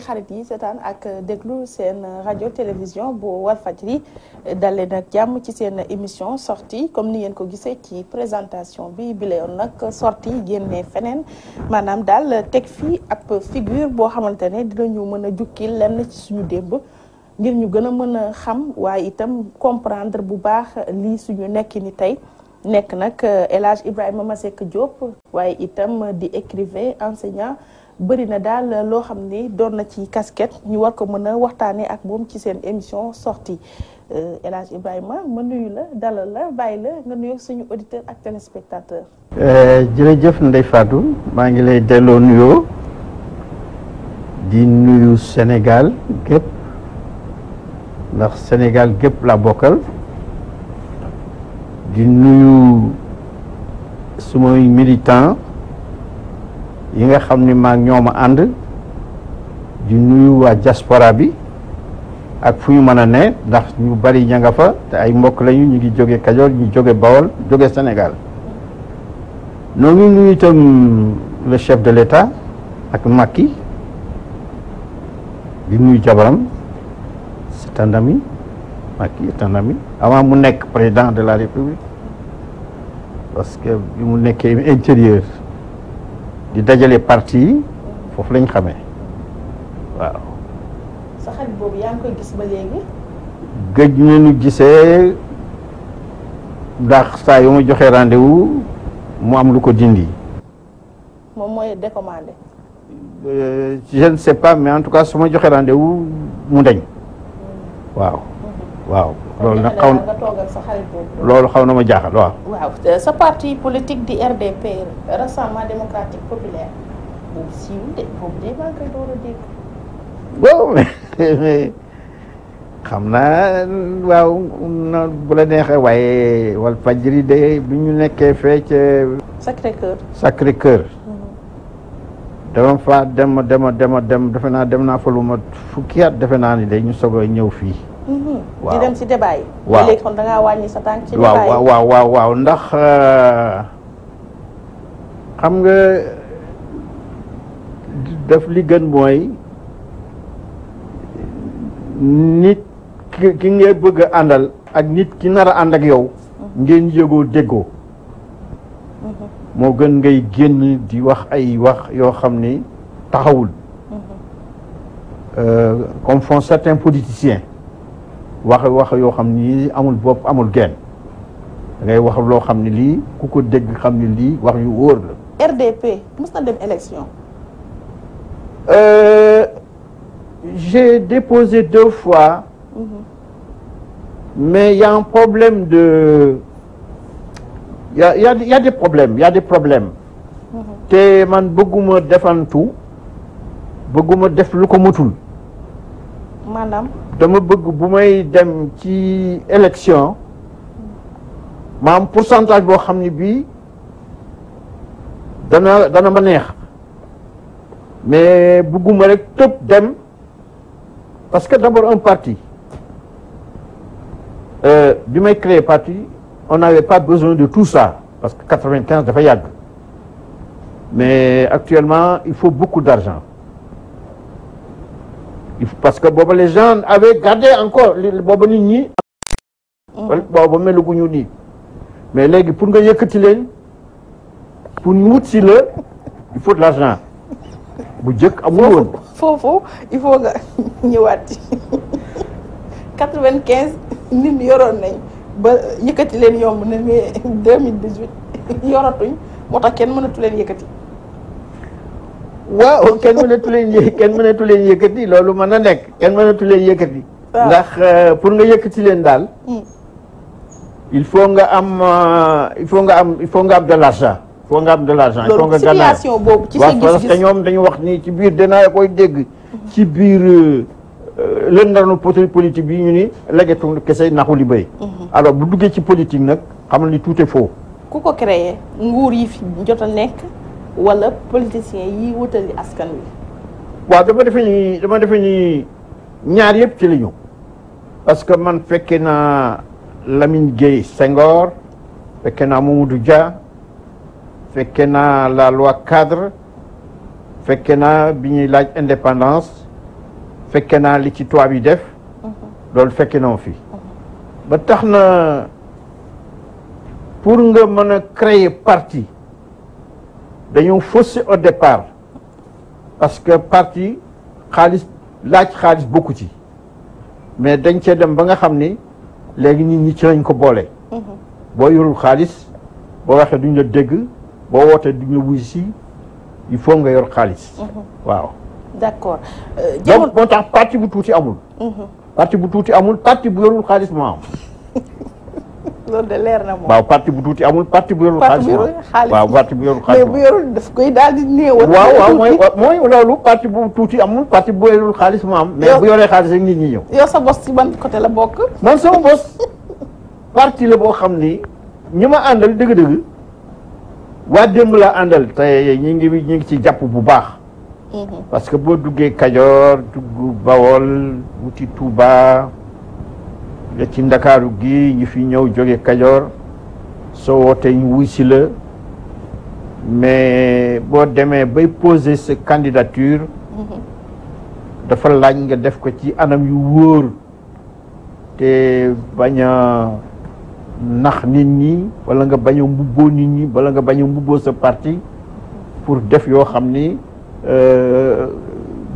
xarit yi seetaan ak euh, déglu seen euh, rajo télévision bu Walfadjri euh, dalee nag jàmm ci seen émission sorti comme ni ngeen ko gisee ci présentation bi bi la yoon nag sortie génnee feneen maanaam daal teg fii ab figure boo xamante ne dinañu mën a jukki lenn ci suñu démb ngir ñu gën a mën a xam waaye itam comprendre bu baax lii suñu nekki ni tey nekk nag El Hadj Ibrahima Masseck Diop waaye itam di écriver enseignant bëri na daal loo xam ne doon na ci kasket ñu war ko mën a waxtaanee ak moom ci seen émission sortie euh, El Hadj Ibrahima ma ma nuyu la dalal la bàyyi la nga nuyoog suñu auditeur ak téléspectateur. Euh, jërëjëf Ndeye Fatou maa ngi lay delloo nuyoo di nuyu Sénégal gépp ndax Sénégal gépp la bokkal di nuyu sumay militant yi nga xam ni maag ñoom a ànd di nuyu waa jaspora bi ak fu ñu mën a ne ndax ñu bari ña nga fa te ay mbokk lañu ñu ngi jóge Kajoor ñu jóge Bawol jóge Sénégal noo ngi nuyu itam le chef de l'État ak Macky di nuyu jabaram c'est un ami Macky est un avant mu nekk président de la République parce que bi mu nekkee intérieur di dajale parti yi foofu lañ xamee waaw. sa xarit boobu yaa ngi koy gis ba léegi. gëj nañu gisee ndax saa yu ma joxee rendez-vous mu am lu ko dindi. moom mooy décommandé. Euh, je ne sais pas mais en tout cas su ma joxee rendez-vous mu dañ. Mm. waaw mm-hmm. waaw. loolu nag xaw xaw na ma jaaxal waaw. sa parti politique di RDP Rassemblement démocratique populaire xam naa waaw na bu la neexee waaye Walfadjri de bi ñu nekkee fee ca. Sacré Cœur. Sacré Cœur. Mhm. dama faa dem dema dema dem defe naa dem naa fa lu ma fukkiyaat defe naa ni de ñu soog a ñëw fii. Mhm. waaw di dem si waaw sa tànk ci waaw waaw waaw waaw ndax euh, xam nga daf li gën mooy nit ki nga bëgg a àndal ak nit ki nara ànd ak yow. Mhm. ngeen yëgoo déggoo. Mhm. moo gën ngay génn di wax ay wax yoo xam ni taxawul. Euh, comme font certains politiciens. wax wax yoo xam ni amul bopp amul genn da ngay wax loo xam ne lii ku ko dégg xam ne lii wax yu wóor la. RDP mës na dem élection. Euh, j'ai déposé deux fois. Mmh. mais y a un problème de y a y a y a des problèmes y a des problèmes. Mhm. te man bëgguma defantu bëgguma def lu ko matul. maanaam. dama bëgg bu may dem ci élection ma am pourcentage boo xam ne bii dana dana ma neex mais bëgguma rek tëb dem parce que d'abord un parti euh, bi may créer parti on n'avait pas besoin de tout ça parce que quatre-vingt-quinze dafa yàgg mais actuellement il faut beaucoup d'argent parce que booba les gens avaient gardé encore booba nit ñi mm. booba melaguñu nii mais léegi pour nga yëkkati leen pour ñu wut si la il faut de l'argent bu jëkk amul foofu il faut nga ñëwaat ci quatre-vingt-quinze nit yoroon nañ ba yëkkati leen yomb na mais deux mille dix-huit yoratuñ moo tax kenn mënatu leen yëkkati waaw kenn mënatu leen yë loolu mën a nekk kenn mënatu leen yëkkati. ndax euh, pour nga yëkkati leen daal. Hmm. il faut nga am euh, il il faut nga am de l'argent. il faut nga am de l'argent il faut nga gànnaar situation boobu ci sa gis-gis parce que ñoom dañu wax ni ci biir danaa koy dégg. ci biir euh, leen ndanu politique bi ñu ni lagetu kese naxu li béy. Hmm. alors bu duggee ci politique nag xam ni tout est ku ko créé nguur yi fi jot a nekk. wala politiciens yi wutali askan wi. waaw dama defe ni dama defe ni ñaar yëpp ci la parce que man fekke naa Lamine Gueye Senghor fekke naa Mamadou Dia fekke naa la loi cadre fekke naa bi ñuy laaj indépendance fekke naa li ci tubaab yi def mhm. loolu fekke naa fi mhm. ba tax na pour nga mën a créer parti dañoo faussé au départ parce que parti xaalis laaj xaalis bokku ci mais dañ cee dem ba nga xam ni léegi nit ñi ci nañ ko boole. Mhm. boo yorul xaalis boo waxee duñ la dégg boo wootee duñ la wuy si il faut nga yor xaalis. Mhm. waaw. d'accord. Euh, donc boo tax parti bu tuuti amul. Mhm. parti bu tuuti amul parti bu yorul xaalis moo am. loolu de leer na moom waaw parti bu tuuti amul parti bu yorul xaalis waaw parti bu yorul xaalis mais bu daal di néewal waaw waaw mooy mooy parti bu tuuti amul parti bu yorul xaalis mu am mais bu yoree xaalis rek nit ñi ñëw yow sa bos ci ban côté la bokk man sama bos parti la boo xam ni ñi ma àndal dëgg-dëgg waa démb la àndal te ñi ngi ñi ngi ci jàpp bu baax mhm. parce que boo duggee Kajoor dugg Bawol ci ndakaaru gi ñu fi ñëw jóge Kajoor soo wootee ñu wuy si la mais boo demee bay poser sa candidature dafa laaj nga def ko ci anam yu wóor te bañ a nax nit ñi wala nga bañ mbubboo nit ñi wala nga bañ a mbubboo sa parti pour def yoo xam ni euh,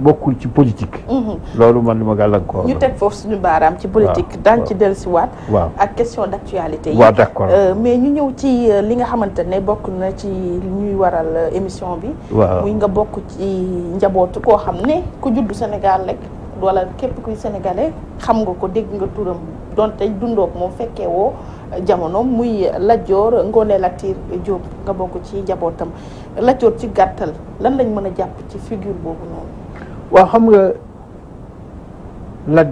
bokkul ci politique. Mhm. loolu man li ma gàllankoor. ñu teg foofu suñu baaraam ci politique. daan ci dellusiwaat. waaw ak actualité yi. waaw euh, mais ñu ñëw ci euh, li nga xamante ne bokk na ci ñuy waral euh, émission bi. waaw muy nga bokk ci njabootu koo xam ne ku juddu Sénégal wala képp kuy sénégalais xam nga ko dégg nga turam donte dundoog moom fekkee woo jamono muy Lat Dior Ngoné Latyr Diop nga bokk ci njabootam lajoor ci gàttal lan lañ mën a jàpp ci figure boobu noonu. waa xam nga Lat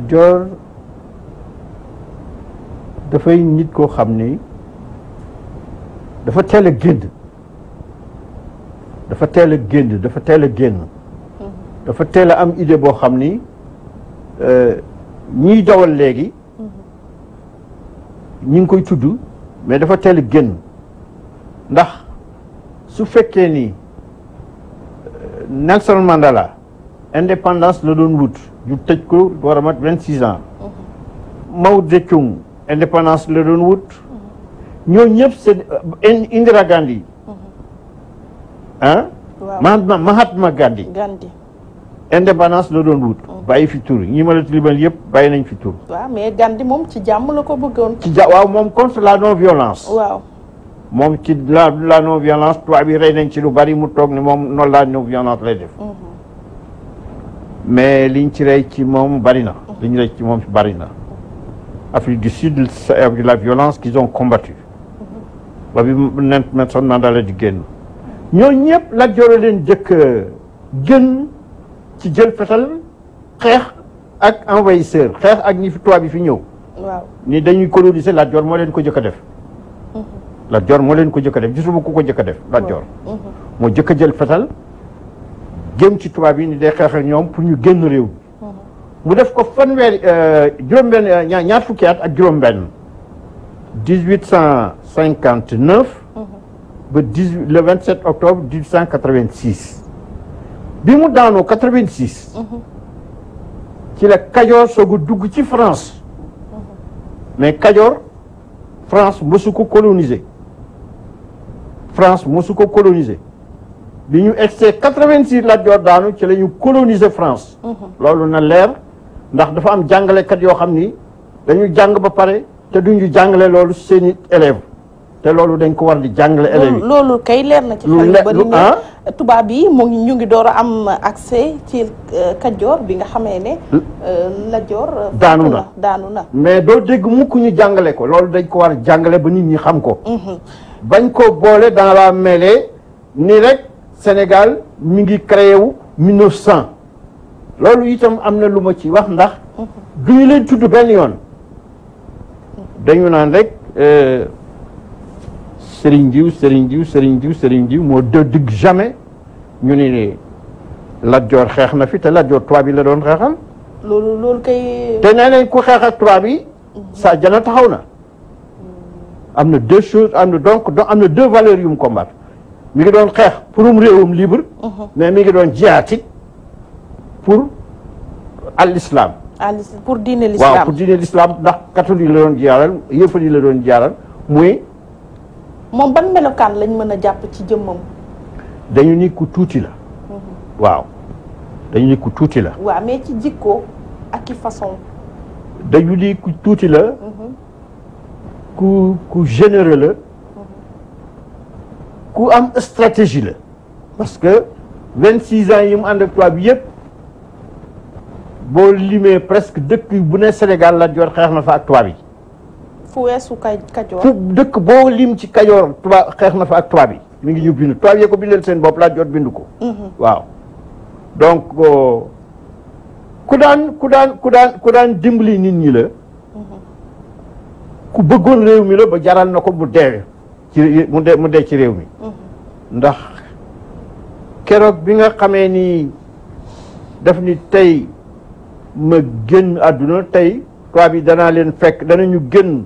dafay nit koo xam ni dafa teel a génn dafa teel a génn dafa teel a génn mm-hmm. dafa teel a am idée boo xam ni euh, ñiy dawal léegi mm-hmm. ñi ngi koy tudd mais dafa teel a génn ndax su fekkee ni euh, Nelson Mandela indépendance la doon wut ñu tëj ko war a mat vingt six ans Mao Zedong indépendance la doon wut ñoo ñëpp seen euh, Indira Gandhi ah Mahatma Mahatma Gandhi indépendance la doon wut mm-hmm. bàyyi fi tur ñi ma la yëpp bàyyi nañ fi tur Gandhi moom ci jàmm la ko bëggoon ci ja waaw moom contre la non violence moom ci la la non violence tubaab yi rey nañ ci lu bari mu toog ne moom noonu la non violence lay def mm-hmm. mais liñ ci rey ci moom bari na liñ rey ci moom bari na Afrique du Sud c'est avec la violence qu'ils ont combattu ba bi Nelson Mandela di génn ñoo ñëpp Lat Joor leen jëkk génn ci jël fetal xeex ak envahisseur xeex ak ñi fi tubaab bi fi ñëw waaw ni dañuy coloniser Lat Joor moo leen ko jëkk def mm-hmm. Lat Joor moo leen ko jëkk a def gisuma ku ko jëkk def Lat Joor mm-hmm. moo jëkk jël fetal jëm ci tubaab yi ni day xeex ñoom pour ñu génn réew mu def ko fanweeri euh, juróom-benn ñaar fukki at ak juróom-benn dix huit cent le vingt sept octobre dix huit cent bi mu daanoo quatre vingt six ci la Kajoor soog a dugg ci France mais Kajoor France mosu ko coloniser France mosu ko coloniser bi ñu egsee quatre-vingt-six Lat Joor daanu ci la ñu coloniser France mhm. loolu na leer ndax dafa am jàngalekat yoo xam ni dañu jàng ba pare te duñu jàngale loolu seeni élèves te loolu dañ ko war di jàngale élèves yi loolu kay leer na ci xel yu bari ah? tubaab yi mu ngi ñu ngi door a am accès ci Kajoor euh, bi nga xamee ne euh, Lat Joor euh, daanu na daanu na mais doo dégg mukk ñu jàngale ko loolu dañ ko war a jàngale ba nit ñi xam ko mhm. bañ ko boole dans la mêlée ni rek Sénégal mi ngi créé wu 1900 loolu itam am na lu ma ci wax ndax du ñu leen tudd benn yoon dañu naan rek euh, seriñ Diou Serigne Diou Serigne Diou Serigne Diou moo dëgg jamais ñu ni nii Lat Joor xeex na fi te Lat Joor tubaab bi la doon xeexal. loolu loolu kay. te nee nañ ku xeex ak yi. sa jana taxaw na. Mm. am na deux choses am na donc am na deux valeurs yu mu combattre. mi ngi doon xeex pourum réewum libre uh-huh. mais mi ngi doon jihaat pour al islam pour diine l'islam waaw pour diine ndax catholique la doon jaaral yëfar yi la doon jaaral muy moom ban melokaan lañ mën a jàpp ci jëmmam dañu ni ku tuuti la uh-huh. waaw dañu ni ku tuuti la waaw ci jikko façon dañu ku tuuti la uh-huh. ku ku la ku am stratégie la parce que vingt six ans yi mu ànd ak tubaab bi yëpp boo limee presque dëkk bu ne Sénégal la joor xeex na fa ak tubaab yi. fu weesu Kajoor fu dëkk boo lim ci Kajoor tubaab xeex na fa ak tubaab yi mu ngi ñu bindu tubaab yee ko bindal seen bopp laa jot bindu ko. Mhm. waaw donc euh, ku daan ku daan ku daan ku daan dimbali nit ñi la. Mhm. ku bëggoon réew mi la ba jaral na ko bu deewee. ci mu dee mu dee ci réew mi mm-hmm. ndax keroog bi nga xamee ni daf ni tey ma génn àdduna tey tubaab bi danaa leen fekk dana ñu génn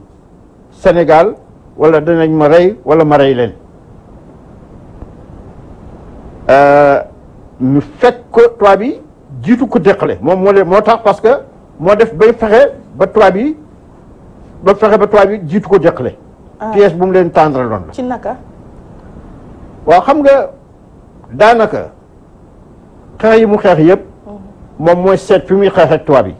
Sénégal walla danañ ma rey wala ma rey leen euh, ñu fekk ko tubaab bi jiitu ko déqale moom moo leen moo tax parce que moo def ba fexe ba tubaab bi ba fexe ba tubaab bi jiitu ko déqale Ah. pièce bu mu leen tàndraloon la. ci naka. waaw xam nga daanaka xeex yi mu xeex yëpp. Mhm. moom mooy set fi muy xeexee ak tubaab yi.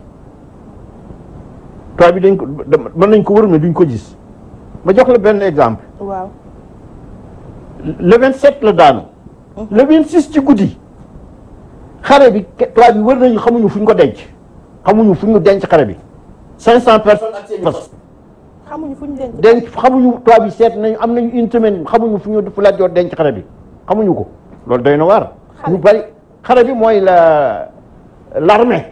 tubaab yi dañ ko mën nañ ko wër mais duñ ko gis. ma jox la benn exemple. waaw. le 27 la daan mhm. le 26 ci guddi. xare bi tubaab yi wër nañu xamuñu fu ñu ko denc. xamuñu fu ñu denc xare bi. 500 personnes ak xamuñu fu ñu denc denc xamuñu tubaab yi seet nañu am nañu une semaine xamuñu fu ñu fu Lat Joor denc xare bi xamuñu ko loolu day na waar ñu bari xare bi mooy la l'armée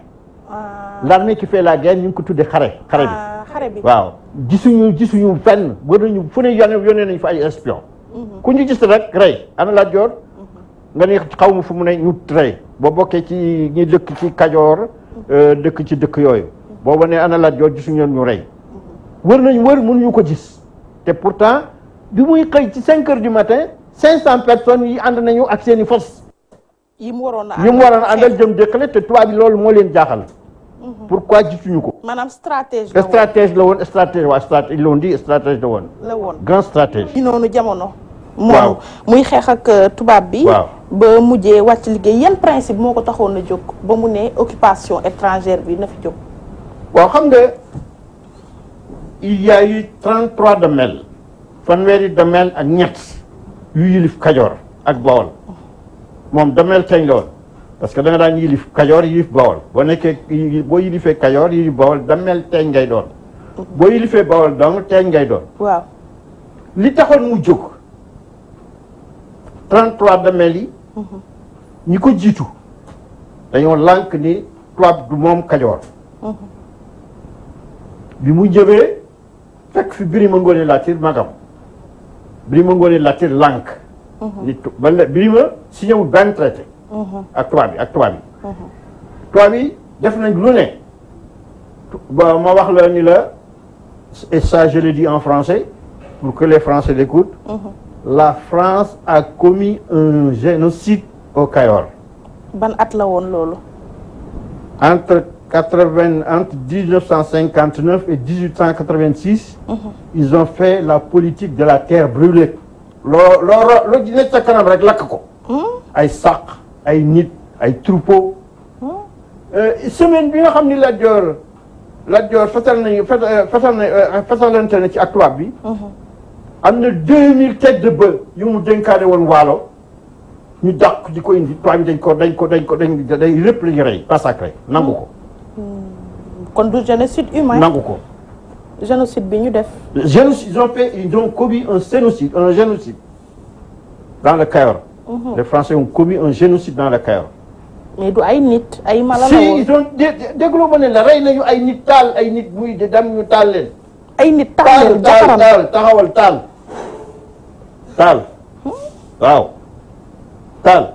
ah. l'armée qui fait la guerre ñu ngi ko tuddee xare xare bi ah, xare bi waaw gisuñu gisuñu fenn wër nañu fu ne yone yonee nañu fa ay espion mhm. ku ñu gis rek rey ana Joor mhm. nga ne xaw ma fu mu ne ñu rey boo bokkee ci ñu dëkk ci Kajoor mhm. euh, dëkk ci dëkk yooyu booba ne ana Lat Joor gisuñu ñu rey wër nañ wër mënuñu ko gis te pourtant bi muy xëy ci cinq heures du matin cinq cent personnes yi ànd nañu ak seen i fos yi mu waroon a àndal jëm dëkkale te tubaab bi loolu moo leen jaaxal mhm. pourquoi gisuñu ko maanaam stratège la woon stratège la woon stratège waa stratège ils l'ont dit stratège la woon la woon grand stratège ci noonu jamono moom muy xeex ak euh, tubaab bi ba mujjee wàcc liggéey yan principe moo ko taxoon na jóg ba mu ne occupation étrangère bi na fi jóg waaw il y a eu 33 damel fanweeri damel ak ñett yu yilif kajoor ak bawol moom damel kañ la woon parce que da daan yilif kajoor yilif bawol boo nekkee boo yilifee kajoor yilif bawol damel teeñ ngay doon boo yilifee bawol dong teeñ ngay doon waaw li taxoon mu jóg 33 damel yi ñi ko jiitu dañoo lànk ni tubaab du moom kajoor mhm. bi mu jëmee fekk fi Birima Ngóone Latir magam Birima Ngóone Latir lànk. li mhm. tu ba la Birima signé wul benn traité. Mhm. ak tubaab bi ak tubaab bi. Mhm. tubaab yi def nañ lu ba ma wax la ni la et ça je le dis en français pour que les Français l'écoutent. la France a commis un génocide au Kayor. ban at la woon loolu. 80, entre 1959 et 1886, mm -hmm. ils ont fait la politique de la terre brûlée. loo loo loo dina ca kanam rek lakk ko. Mhm. ay sàq ay nit ay troupeau. Mhm. Euh, semaine bi nga xam ni Lat Joor la Joor fetal nañu fetal euh, na euh, fetalante na ci ak tubaab bi. Mhm. am na 2000 têtes de bœuf yu mu dénkaane woon waalo ñu dàq di ko indi tubaab bi dañ ko dañ ko dañ ko dañ dañ lépp la ñu rey massacré nangu ko. kon du génocide humain nangu ko. génocide bi ñu def. génocide ils ont fait ils ont commis un génocide un génocide dans le Cayor. Mmh. les Français ont commis un génocide dans le Cayor. mais du ay nit ay mala la woon si ils nañu ay nit taal ay nit muy de dam ñu taal leen. ay nit taal leen taal taal taxawal taal. taal waaw taal.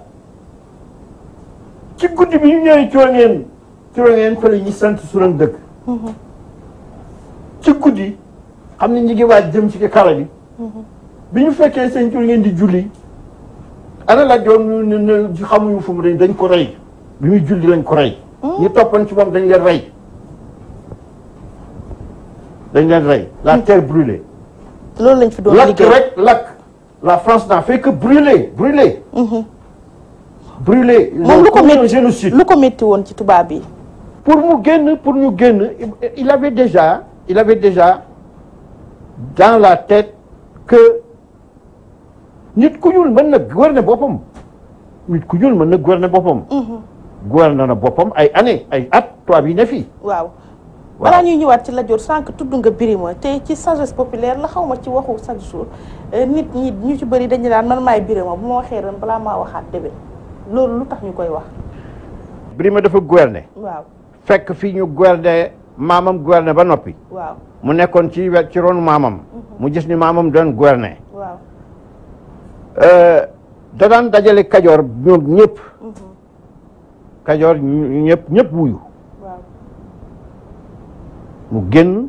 ci guddi bi ñu ñëwee coono ture ngeen fële ñi sant suran dëkk mm-hmm. ci guddi xam ne ñi ngi waaj jëm ci kara bi mm-hmm. bi ñu fekkee seen tur ngeen di julli ana la joon ñu xamuñu fu mu dañ ko rey bi muy julli lañ ko rey mm-hmm. ñu toppan ci moom dañ leen rey dañ leen rey la terre brûlée loolu lañ fi doon lakk lakk la France n'a fait que brûler moom lu ko métti lu ko métti woon ci tubaab yi pour mu génn pour ñu génn il avait déjà il avait déjà dans la tête que nit ku ñuul mën na gouverner boppam nit ku ñuul mën na gouverner boppam. Mhm. gouverner na boppam ay année ay at tubaab yi ne fii. waaw balaa ñuy ñëwaat ci Lat Dior sànq tudd nga Birima te ci sagesse populaire la xaw ma ci waxu chaque jour euh, nit ñi ñu ci bëri dañu daan man maay Birima bu ma waxee ren balaa maa waxaat déwén loolu lu tax ñu koy wax. Birima dafa gouverner. waaw. fekk fi ñu guerde maamam guerne ba noppi. waaw mu nekkoon ci ci ronu maamam. Mhm. mu gis ni maamam doon guerne. dadaan euh, da dajale kajoor ñoom ñëpp. Mhm. kajoor ñëpp ñëpp wuyu. mu génn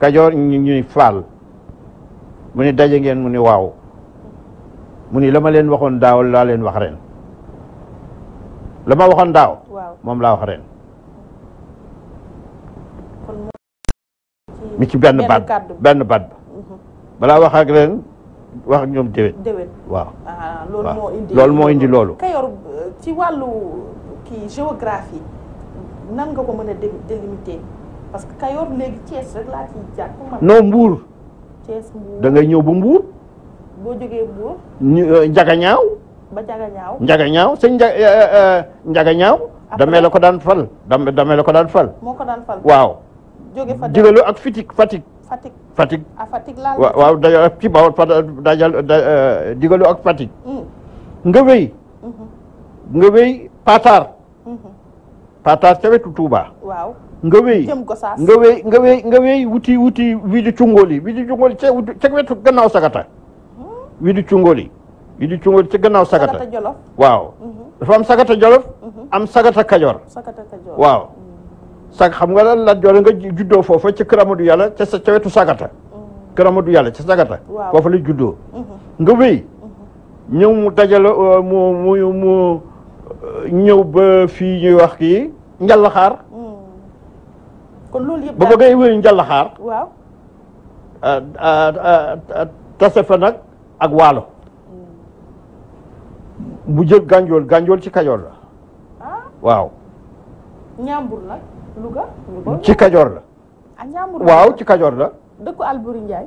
kajoor ñu ñuy faal mu ni daje ngeen mu ni waaw mu ni la ma leen waxoon daaw laa leen wax ren. la ma waxoon daaw moom laa wax ren mi ci benn baat benn baat ba mhm. balaa wax ren wax ñoom déwén waaw ah, loolu moo indi loolu Kayor ci wàllu kii géographie nan nga ko ñëw bu Mbour boo jógee Mbour euh, Ndiaga ba Njaga Ñaaw Njaga Ñaaw sëñ eh, eh, eh, Ñaaw damee la ko daan fal dam damee ko daan fal moo waaw jóge ak Fatick fatik Fatick Fatick ah Fatick laa waaw da ci Bawol dajal Jugalu ak Fatick mm. nga wéy mm-hmm. nga wéy Patar mm-hmm. Patar ca wetu Touba waaw nga wéy nga wéy nga wéy nga wéy wuti wuti wii di cungool yi wii di cungool wetu gannaaw sagata mm-hmm. wii di cungool yi yi di cungo ci gannaaw sagata waaw mhm. dafa am sagata jolof mhm. am sagata kajoor waaw mhm. sag xam nga la Lat nga juddoo foofa ci kër Amadou Yàlla ca ca wetu sagata kër Yàlla ca sagata foofa la juddoo nga wéy ñëw mu dajale euh, mu mu euh, ñëw ba fii ñuy wax kii njàllaxaar kon loolu yëpp ba bëggee wéy njàllaxaar waaw euh, tase fa nag ak waalo bu jël gànjool gànjool ci kajoor la. Ah. waaw. ci kajoor ah, la. waaw ci kajoor la. dëkku Alburi Njaay.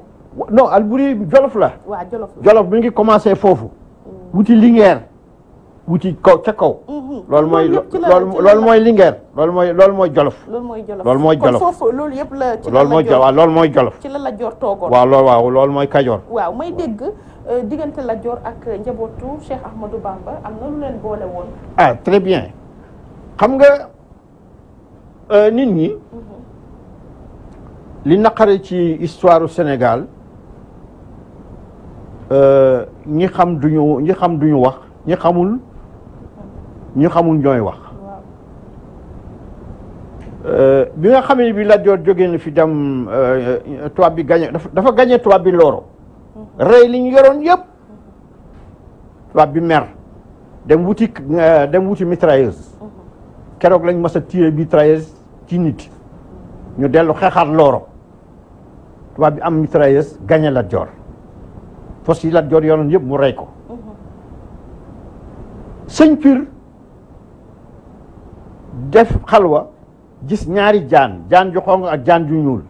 non Alburi jolof la. waaw jolof la jolof ngi commencé foofu. Hmm. wuti Linguère wuti kaw ca kaw. Hmm, hmm. loolu mooy loolu mooy Linguère loolu mooy loolu mooy jolof. loolu mooy jolof mooy jolof kon yëpp la. ci la la waaw loolu mooy jolof. ci la la jor toogoon mooy kajoor. waaw may dégg. Euh, diggante Lat Joor ak njabootu Cheikh Ahmadou Bamba am na lu leen boole woon. ah très bien xam nga euh, nit ñi. Mhm. li naqare ci histoire du Sénégal euh, ñi xam duñu ñi xam duñu wax ñi xamul ñi xamul ñooy wax. bi nga xamee bi Lat Joor jógee na fi dem tubaab bi gañe dafa gañe tubaab bi Loro. rey li ñu yoroon yëpp tubaab bi mer dem wuti euh, dem keroog lañ mas a tiré mitrailleuse ci nit ñu dellu xeexaat looro tubaab bi am mitrailleuse gagné Lat fos yi Lat Joor yoroon yëpp mu rey ko sëñ def xalwa gis ñaari jaan jaan ju xonq ak jaan ju ñuul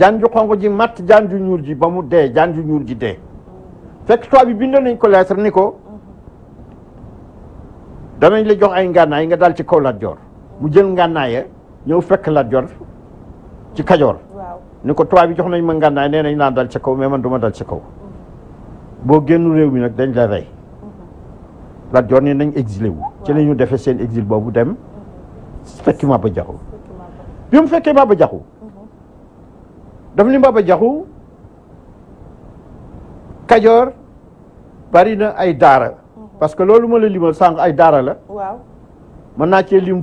jaan ju xonq ji mat jaan ju ñuul ji ba mu dee jaan ju ñuul ji dee fekk tubaab bi bind nañ ko lettre ni ko danañ la jox ay ngànnaay nga dal ci kaw Lat Joor mu jël ngànnaaya ñëw fekk Lat Joor ci Kajoor ni ko tubaab bi jox nañ ma ngànnaay nee nañ naa dal ci kaw mais man du ma dal ci kaw boo génnu réew mi nag dañ la rey Lat Joor nañ exilé wu ci lañu ñu seen exil boobu dem fekki ba Jaxu bi mu fekkee ba Jaxu daf ni Mbaba Jaxu Kajoor bari na ay daara mhm. parce que loolu ma la limal sànq ay daara la waaw mën naa lim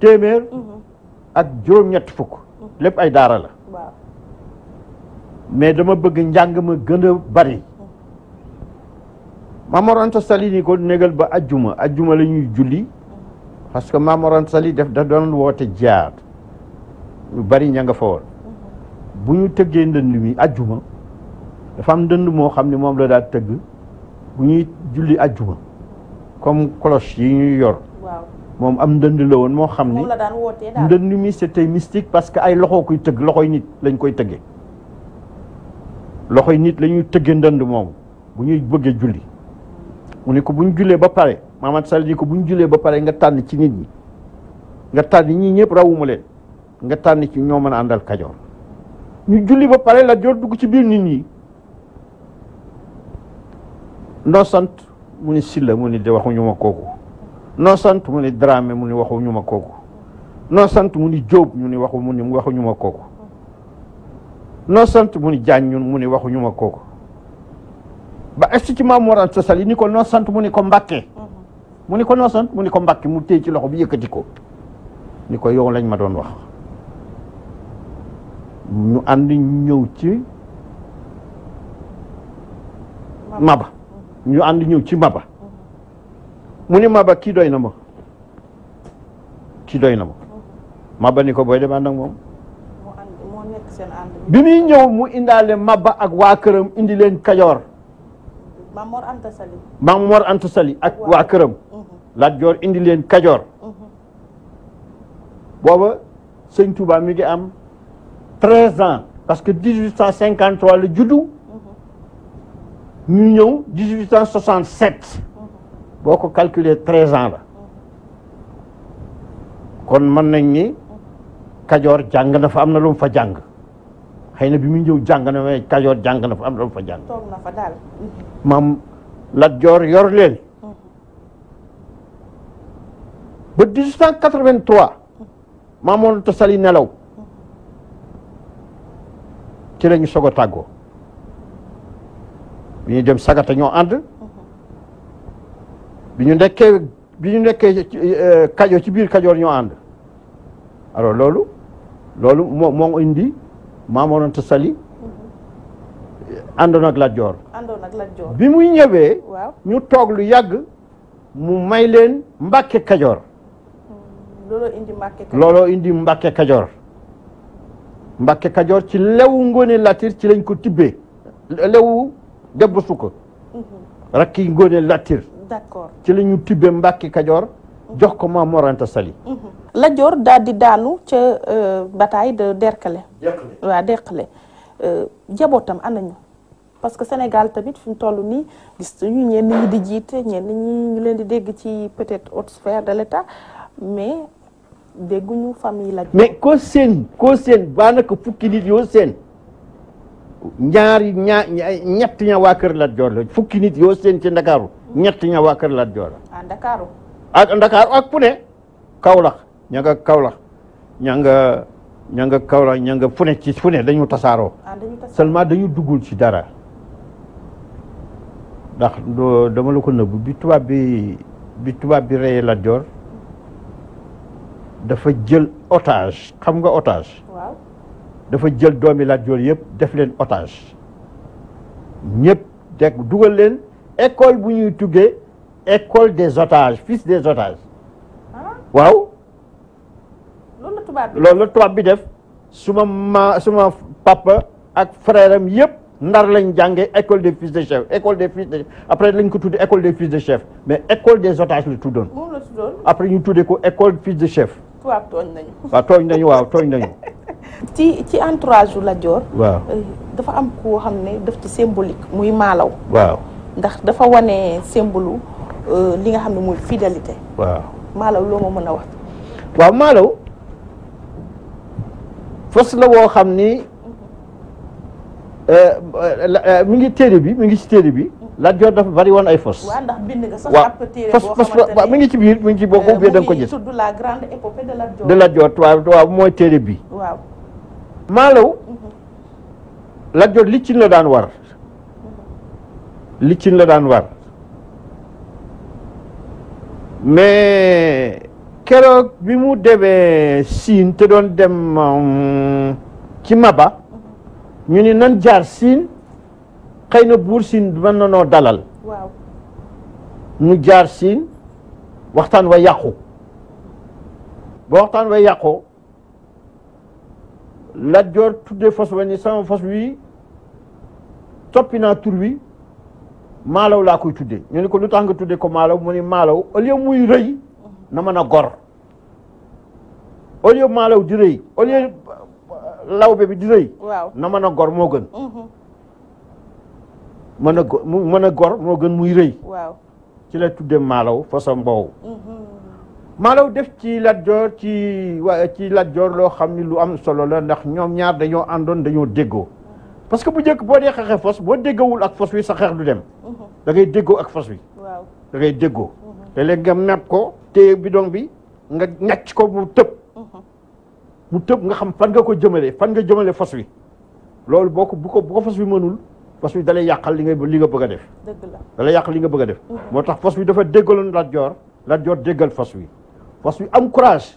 téeméer mhm. ak juróom-ñett fukk mhm. lépp ay daara la mais dama bëgg njàng ma gën a bari Mamor Anta Sali ni ko négal ba ajjuma ajjuma la ñuy julli parce que Mamor Anta Sali def da doon woote jaar lu bari ña nga fa woon bu ñu tëggee ndënd mi ajjuma dafa am ndënd moo xam ne moom la daal tëgg bu ñuy julli ajjuma comme cloche yi ñuy yor moom am ndënd la woon moo xam ni ndënd mi c'était mystique parce que ay loxo koy tëgg loxoy nit lañ koy tëggee loxoy nit la ñuy ndënd moom bu ñuy bëggee julli mu ne ko bu ñu jullee ba pare Mamat Sall ko bu ñu jullee ba pare nga tànn ci nit ñi nga tànn ñii ñëpp rawuma leen nga tànn ci ñoo mën a àndal kajoor ñu julli ba pare Lat Joor dugg ci biir nit ñi noo sant mu ni Silla mu ni de waxuñu ma kooku noo sant mu ni Dramé mu ni waxuñu ma kooku noo sant mu ni Jóob ñu ni waxu mu ni waxuñu ma kooku noo sant mu ni Jaañ ñu mu ni waxuñu ma kooku ba est ci war Mor Anta Sali ni ko noo sant mu ni ko Mbàkke mm-hmm. mu ni ko noo sant mu ni ko Mbàkke mu téye ci loxo bi ti ko ni ko yow lañ ma doon wax ñu ànd ñëw ci maba ñu ànd ñëw ci maba mu ni maba kii doy na ma kii doy na ma maba ni ko booy dem ànd ak moom bi muy ñëw mu indaale maba ak waa këram indi leen kajoor Mamor Anta Sali ak waa këram mhm. Lat Joor indi leen kajoor mhm. booba sëñ Touba mi ngi am treize ans parce que dix huit cent cinquante la juddu ñu ñëw dix huit cent soixante boo ko calculer treize ans la kon mën nañ ni Kajoor jàng na fa am na lu mu fa jàng xëy na bi muy ñëw jàng na mais Kajoor jàng na fa am na lu fa jàng. toog na fa daal. Joor yor leen. ba ma Maam Mor Sali nelaw. ci la ñu soog a ñu dem sagata ànd ñu nekkee bi ñu nekkee euh, kajo ci biir kajoor ñoo ànd alors loolu loolu moo moo indi Maam Anta Sali àndoon ak Lat Joor bi muy ñëwee ñu toog lu yàgg mu may leen Mbàkke Kajoor hmm, looloo indi Mbàkke Kajoor Mbàkke Kajoor ci lewu Ngoone Latir ci lañ ko tibbee lewu debbu sukk mhm. rakki Ngoone Latir d'accord ci la ñu tibbee Mbàkke Kajoor mhm. jox ko Maam Mor Anta Sali mhm. Lat daal di daanu ca euh, bataille de Derklé waaw Derklé euh, jabootam anañu parce que Sénégal tamit fi mu toll nii gis nañu ñenn di jiite ñenn ñi ñu leen di dégg ci peut-être haute sphère de l'État mais dégguñu famille la. mais koo seen koo seen baanaka fukki nit yoo seen ñaari ñaa ñett ña waa Kër la fukki nit yoo seen ci Ndakaaru ñetti ña waa Kër la. ah Ndakaaru. ak Ndakaaru ak fu ne Kaolack ña nga Kaolack ña nga ña nga ci fu ne ah, dañu tasaaroo. seulement dañu duggul ci dara. ndax dama la ko nëbbu bi tubaab bi bi tubaab bi dafa jël otage xam nga otage. waaw dafa jël doomi Lat Joor yëpp def leen otage ñëpp teg dugal leen école bu ñuy tuggee école des otages fils des otages. Ah. waaw. loolu la tubaab bi loolu la tubaab bi def suma ma suma papa ak frère am yëpp ndar lañ jàngee école des fils de chef école des fils de après lañ ko tuddee école des fils de chef mais école des otages la tuddoon. moom la après ñu tuddee ko école fils de chef. tubaab tooñ nañu. waaw tooñ nañu waaw tooñ nañu. ci ci entourage yu Lat waaw euh, dafa am koo xam ne def ci symbolique muy maalaw. waaw ndax dafa wane symbole euh, li nga xam ne mooy fidélité. waaw maalaw loo ma mën a wax. waaw maalaw fas la woo xam ni mm-hmm. euh, mi ngi téere bi mu ngi ci téere bi. Lat dafa bari woon ay fos. waaw mi ngi ci biir mi ngi ci boo ko ubbee ko gis. tudd la grande mooy téere bi. waaw. Maalaw. Mhm. Lat Joor liccin la daan war. Mhm. liccin la daan war. mais keroog bi mu demee Siin te doon dem um, ci Maba. Mhm. ñu ni nan jaar Siin. xëy na buur siin mën na noo dalal waaw nu jaar siin waxtaan wa yàqu ba waxtaan wa yàqu Lat Joor tudde fas wa ni sama fas wi toppi naa tur wi maalaw laa koy tudde ñu ne ko lu tax tudde ko maalaw mu ni maalaw au muy rëy na mën a gor au lieu maalaw di rëy au lieu euh, lawbe bi di rëy na mën a gor moo gën mhm. mën a go mën a gor moo gën muy rëy. waaw ci la tuddee maalaw façon boobu. maalaw mm-hmm. def ci Lat Joor ci waa ci Lat Joor loo xam ni lu am solo la ndax ñoom ñaar dañoo àndoon dañoo déggoo. Mm-hmm. parce que bu njëkk boo dee xeexee fos boo déggoowul ak fos wi sa xeex du dem. Mm-hmm. da ngay déggoo ak fos wi. waaw da ngay déggoo. te léegi nga mepp ko te bidon bi nga ñàcc ko mu tëb. mu tëb nga xam fan nga ko jëmale fan nga jëmale fos wi. loolu boo ko bu ko bu wi mënul. fas bi dalay yàqal li nga li nga bëgg def dalay yàqal li nga bëgg def mm-hmm. moo tax fas bi dafa déggaloon Lat Joor Lat Joor déggal fas wi fas wi am courage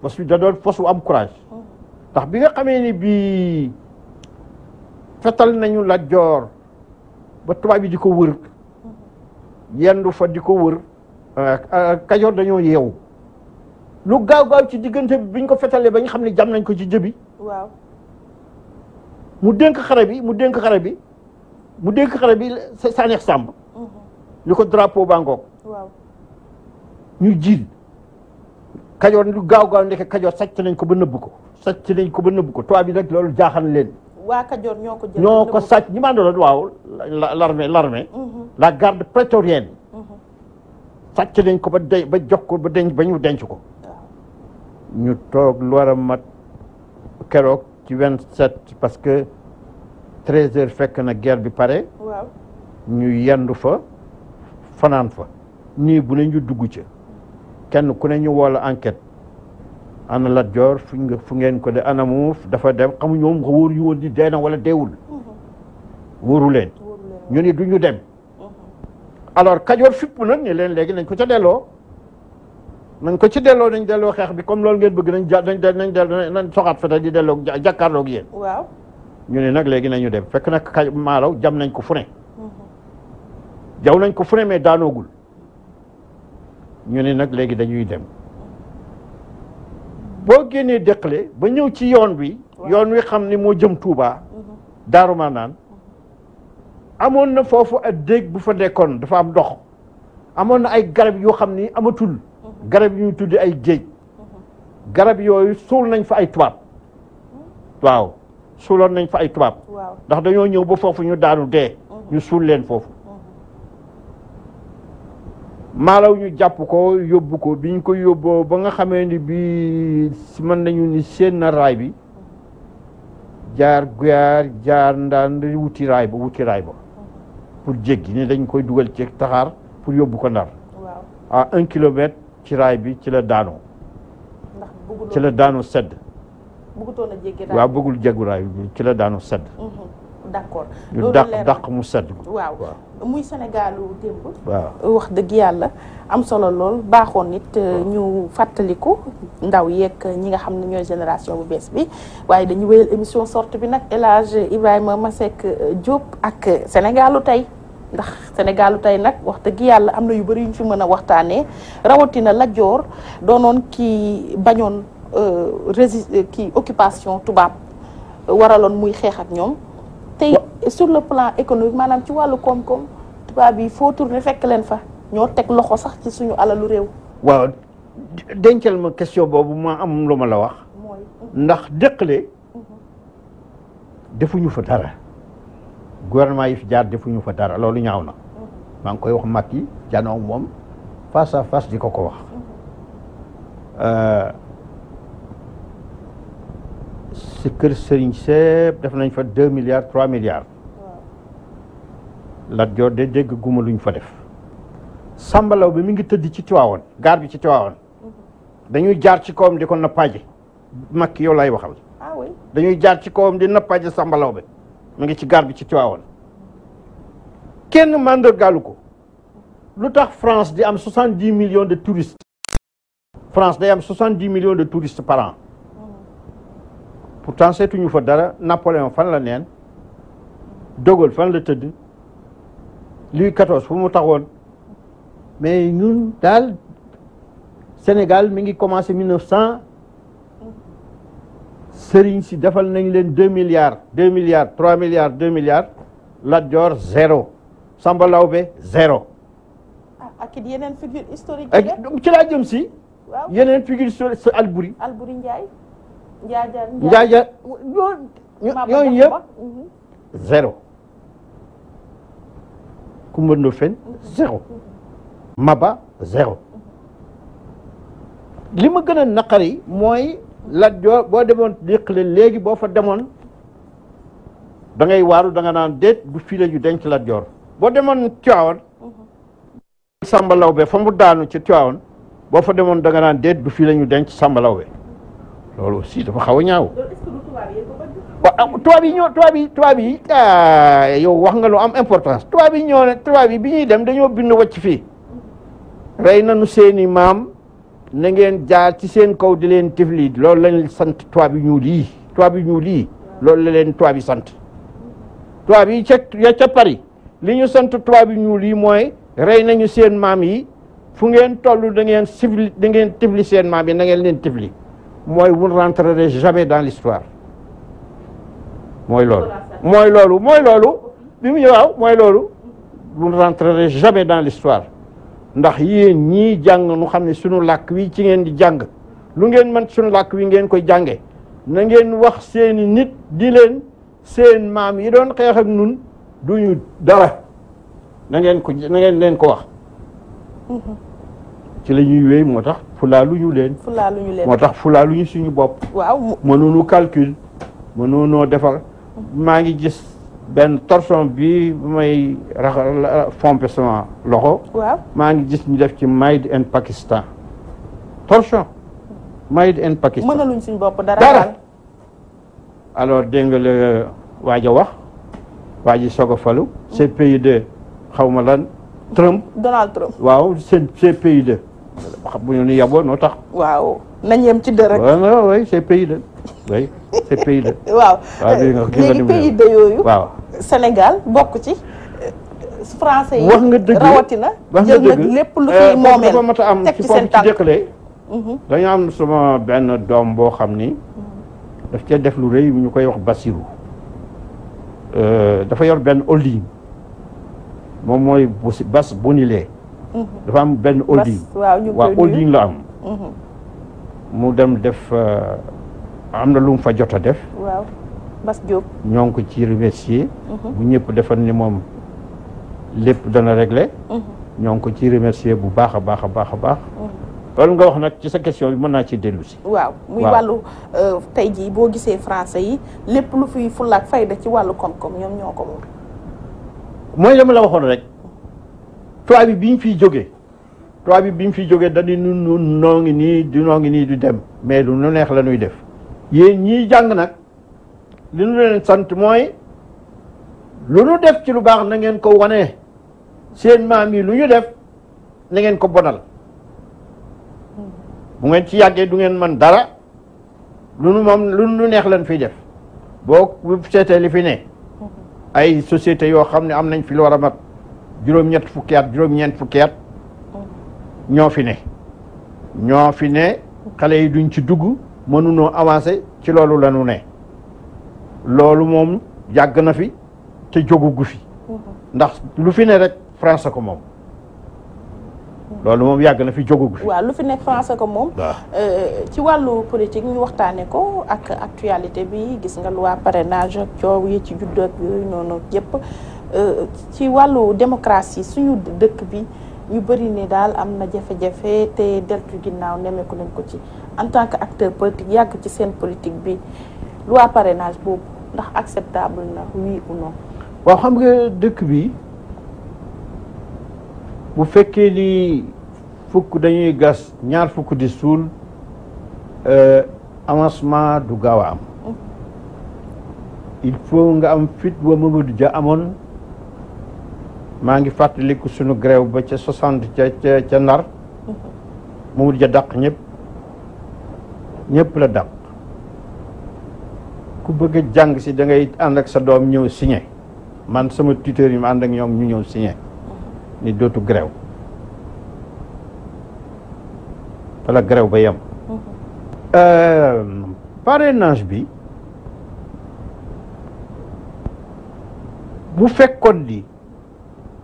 fas wi da doon fas wu am courage mm-hmm. ndax bi nga xamee ni bii fetal nañu Lat Joor ba tubaab yi di ko wër mm-hmm. yendu fa di ko wër Kajoor dañoo yeewu lu gaaw gaaw ci diggante bi biñ ko fetalee ba ñu xam ne jam nañ ko ci jëbi waaw mu dénk xare bi mu dénk xare bi mu dénk xare bi Sanex Samb li mm-hmm. ko drapeau bangoog ñu jiin kajoor lu gaaw gaaw ndeke kajoor sàcc nañ ko ba nëbb ko sàcc nañ ko ba nëbb ko tubaab bi nag loolu jaaxal leen waa Kajoor ñoo ko jël ñoo ko sàcc ñi ma àndaloon waaw l'armée l'armée mm-hmm. la garde prétorienne mm-hmm. sàcc nañ ko ba de ba jox ko ba denc ba ñu denc ko ñu toog lu war a mat keroog ci vingt sept parce que treize heures fekk na guerre bi pare. ñu yendu fa fanaan fa. nii bu ne ñu dugg ca kenn ku ne ñu woola enquête ana Lat Joor fu fu ngeen ko de anamuuf dafa dem xamu ñoom wóor ñu woon di dee na wala deewul. Uh-huh. wóoru leen. ñu ni du ñu dem. Uh-huh. alors Kajoor fipp nag ne leen léegi nañ ko ca delloo. nañ ko ci delloo nañ delloo xeex bi comme loolu ngeen bëgg nañ ja nañ nañ delloo nañ soxaat fa di delloo jàkkaarloog yéen. waaw ñu ne nag léegi nañu dem fekk nag ka maalaw jam nañ ko fu ne. Mm-hmm. jaw nañ ko fu ne mais daanoogul ñu ne nag léegi dañuy dem boo génnee Dexële ba ñëw ci yoon wi yoon wi xam ni moo jëm Touba. Mm-hmm. Daaru Manaan mm-hmm. amoon na foofu ak déeg bu fa nekkoon dafa am dox amoon na ay garab yoo xam ni amatul. garab yu ñu tuddi ay géej garab yooyu suul nañ fa ay tubaab waaw suuloon nañ fa ay tubaab ndax dañoo ñëw ba foofu ñu daanu dee mhm. ñu suul leen foofu mhm. maalaw ñu jàpp ko yóbbu ko bi ñu ko yóbboo ba nga xamee ni bii mën nañu ni seen na raay bi jaar guyaar jaar ndaan wuti raay ba wuti raay ba mhm. pour jéggi ni dañ koy dugal ci taxaar pour yóbbu ko ndar à un kilomètre ci raay bi ci la daanoo ci la daanoo sedd waaw bëggul jéggu raay bi ci la daanoo sedd mhm, d'accord loolu mu sedd waaw muy Sénégalu démb waaw wax dëgg yàlla am solo lool baaxoon nit euh, ñu fàttaliku ndaw yeeg ñi nga xam ne ñooy génération bu bees bi waaye dañu wéyal émission sorte bi nag El Hadj Ibrahima Masseck euh, Diop ak Sénégalu tey ndax Sénégalu tey nag wax dëgg yàlla am na yu bari yu fi mën a waxtaanee rawatina Lat Joor doonoon kii bañoon euh, résist euh, kii occupation tubaab waraloon muy xeex ak ñoom. tey sur le plan économique maanaam ci wàllu koom-koom tubaab yi foo tourné fekk leen fa ñoo teg loxo sax ci suñu alalu réew. waaw dencal ma question boobu ma am lu ma la wax. ndax dëkk dëkkale. Mhm. defuñu fa dara. gouvernement yi fi jaar defuñu fa dara loolu ñaaw na maa ngi koy wax Macky janoo moom face à fas di ko ko wax euh, si kër sëriñ sépp def nañ fa deux milliards trois milliards la Joor de dégg guma luñ fa def sàmbalaw bi mu ngi tëdd ci Tiwaawoon gaar bi ci Tiwaawoon dañuy jaar ci kawam di ko nappaaje Macky yow lay waxal ah dañuy jaar ci kawam di nappaaje sàmbalaw bi mu ngi ci gare bi ci Tivaouane kenn màndargaalu ko lu tax France di am soixante dix millions de touristes France day am soixante dix millions de touristes par an pourtant seetuñu fa dara Napoléon fan la neen de fan la tëdd Louis XIV fu mu taxoon mais ñun daal Sénégal mi ngi commencé mille neuf sëriñ si defal nañ leen deux milliards deux milliards trois milliards deux milliards Lat Joor zéro Samba Lawbe zéro. ah ak it yeneen figure historique. ci laa jëm si. waaw yeneen figure historique sa Albouri. Albouri Ndiaye. Ndiaja Ndiaja ñooñu yëpp mhm. zéro. Coumba Ndoffène mhm. zéro. Mhm. Maba zéro. li ma gën a naqari mooy. Lat Joor boo demoon leen léegi boo fa demoon dangay ngay waaru da naan déet bu fii la denc Lat Joor boo demoon Tiwaawan Samba Lawbe fa mu daanu ci Tiwaawan boo fa demoon danga naan déet bu fii la ñu denc Samba Lawbe loolu aussi dafa xaw a ñaaw waaw ah, tubaab yi ñoo tubaab yi tubaab ah, yow wax nga lu am importance tubaab yi ñoo tubaab yi bi ñuy dem dañoo bind wacc fii rey nañu seeni maam na ngeen jaar ci seen kaw di leen tifli loolu lañ sant tubaab yu ñuul yi tubaab yu ñuul yi loolu la leen tubaab yi sant tubaab yi ca ya ca Paris li ñu sant tubaab yu ñuul yi mooy rey nañu seen maam yi fu ngeen toll da ngeen sifli da ngeen tifli seen maam yi na ngeen leen tifli mooy vous ne rentrerez jamais dans l'histoire mooy mooy loolu mooy mooy loolu vous ne rentrerez jamais dans l'histoire ndax yéen ñii jàng nu xam ne sunu làkk wii ci ngeen di jàng lu ngeen mën sunu làkk wi ngeen koy jànge na ngeen wax seeni nit di leen seen maam yi doon xeex ak nun duñu dara na ngeen ko na leen ko wax mm-hmm. ci la ñuy wéy moo tax fulaaluñu lu ñu leen moo tax fulaaluñu suñu bopp waaw mënuñu calcul mënuñoo defar mm-hmm. maa ngi gis benn torchon bi bu may rax la sama loxo. waaw maa ngi gis ñu def ci made in Pakistan torchon made in Pakistan. mënaluñ suñu bopp dara dara. alors dégg nga la waaj a wax waaj a soog a falu. Hmm. CPID xaw ma lan. Trump Donald Trump. waaw CPID. xam bu ñu ni noo tax. waaw nañ yem ci dërëg. waaw waaw waaw CPID. waaw. Sénégal bokk ci euh, français yi. wax nga dëgg rawatina. wax nga dëgg lépp lu euh, koy moomeel teg ci seen tànk jëkkale. Mhm. dañu am sama benn doom boo xam ni. daf cee def lu rëy ñu koy wax Basiru. Euh, dafa yor benn holding moom mooy Bas Bonilé. Mhm. dafa am benn holding waaw la am. Mhm. mu dem def am na lu fa jot a def. Bass Diop ñoo ngi ko ci remercier mhm. bu ñëpp defoon ni moom lépp dana réglé mhm. ñoo ngi ko ci remercier bu baax a baax a baax a baax mhm. loolu nga wax nag ci sa question bi mën naa ci dellu si waaw muy wàllu euh, tey jii boo gisee français yi lépp lu fiy fulaak fayda ci wàllu koom-koom ñoom ñoo ko moom mooy dama la waxoon rek tubaab bi bi ñu fiy jógee tubaab bi bi ñu fiy jógee dañu nu noo ngi nii du noo ngi nii du dem mais lu nu neex la ñuy def yéen ñiy jàng nag li nu leen sant mooy lu nu def ci lu baax na ngeen ko wane seen maam yi lu ñu def nangeen ko bonal hmm. bu ngeen ci yàggee du ngeen man dara lu nu moom lu nu neex leen fiy def boo seetee li fi ne hmm. ay societé yoo xam ne am nañ fi lu a mat juróom-ñett fukki at juróom-ñeent fukki at hmm. ñoo fi ne ñoo fi ne xale yi duñ ci dugg mënunoo avancer ci loolu la ñu ne loolu moom yàgg na fi te jógu gu fi ndax lu fi ne rek France ko moom loolu moom yàgg na fi jógu gu fi waaw lu fi ne France ko moom euh, ci wàllu politique ñu waxtaane ko ak actualité bi gis nga loi parrainage ak coow yi ci judd ak yooyu noonu yëpp euh, ci wàllu démocratie suñu dëkk bi ñu bëri ne daal am na jafe-jafe te deltu ginnaaw nemeeku nañ ko ci en tant que acteur politique yàgg ci seen politique bi loi parrainage boobu ndax acceptable na xam nga dëkk bi bu fekkee ni fukk dañuy gas ñaar fukk di suul euh, avancement du gaaw a am. Mm. il faut nga am fit wa Mamadou Dia amoon maa ngi fàttaliku sunu grève ba ca soixante ca ca ca Ndar mm-hmm. Mamadou Dia dàq ñëpp ñëpp la dàq. ku bëgg jàng si dangay ànd ak sa doom ñëw signé man sama tuteur yi ma ànd ak ñoom ñu ñëw signé ni dootu grève wala grève ba yem mhm. euh, parrainage bi bu fekkoon di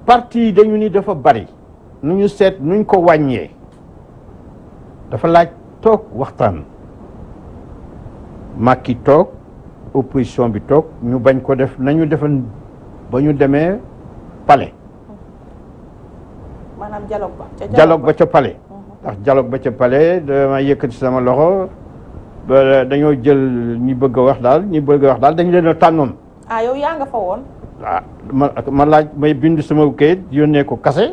parti yi dañu ni dafa bari nu ñu seet nuñ ko wàññee dafa laaj toog waxtaan Macky toog opposition bi toog ñu bañ ko def nañu defa ba ñu demee pale maanaam dialogue ba ca dialogue ba mhm. ndax dialogue ba ca pale dama yëkkati sama loxo ba dañoo jël ñi bëgg a wax daal ñi bëgg a wax daal dañu leen a tànnoon. ah yow nga fa woon. ah ma ma laaj may bind sama kayit yónnee ko kase.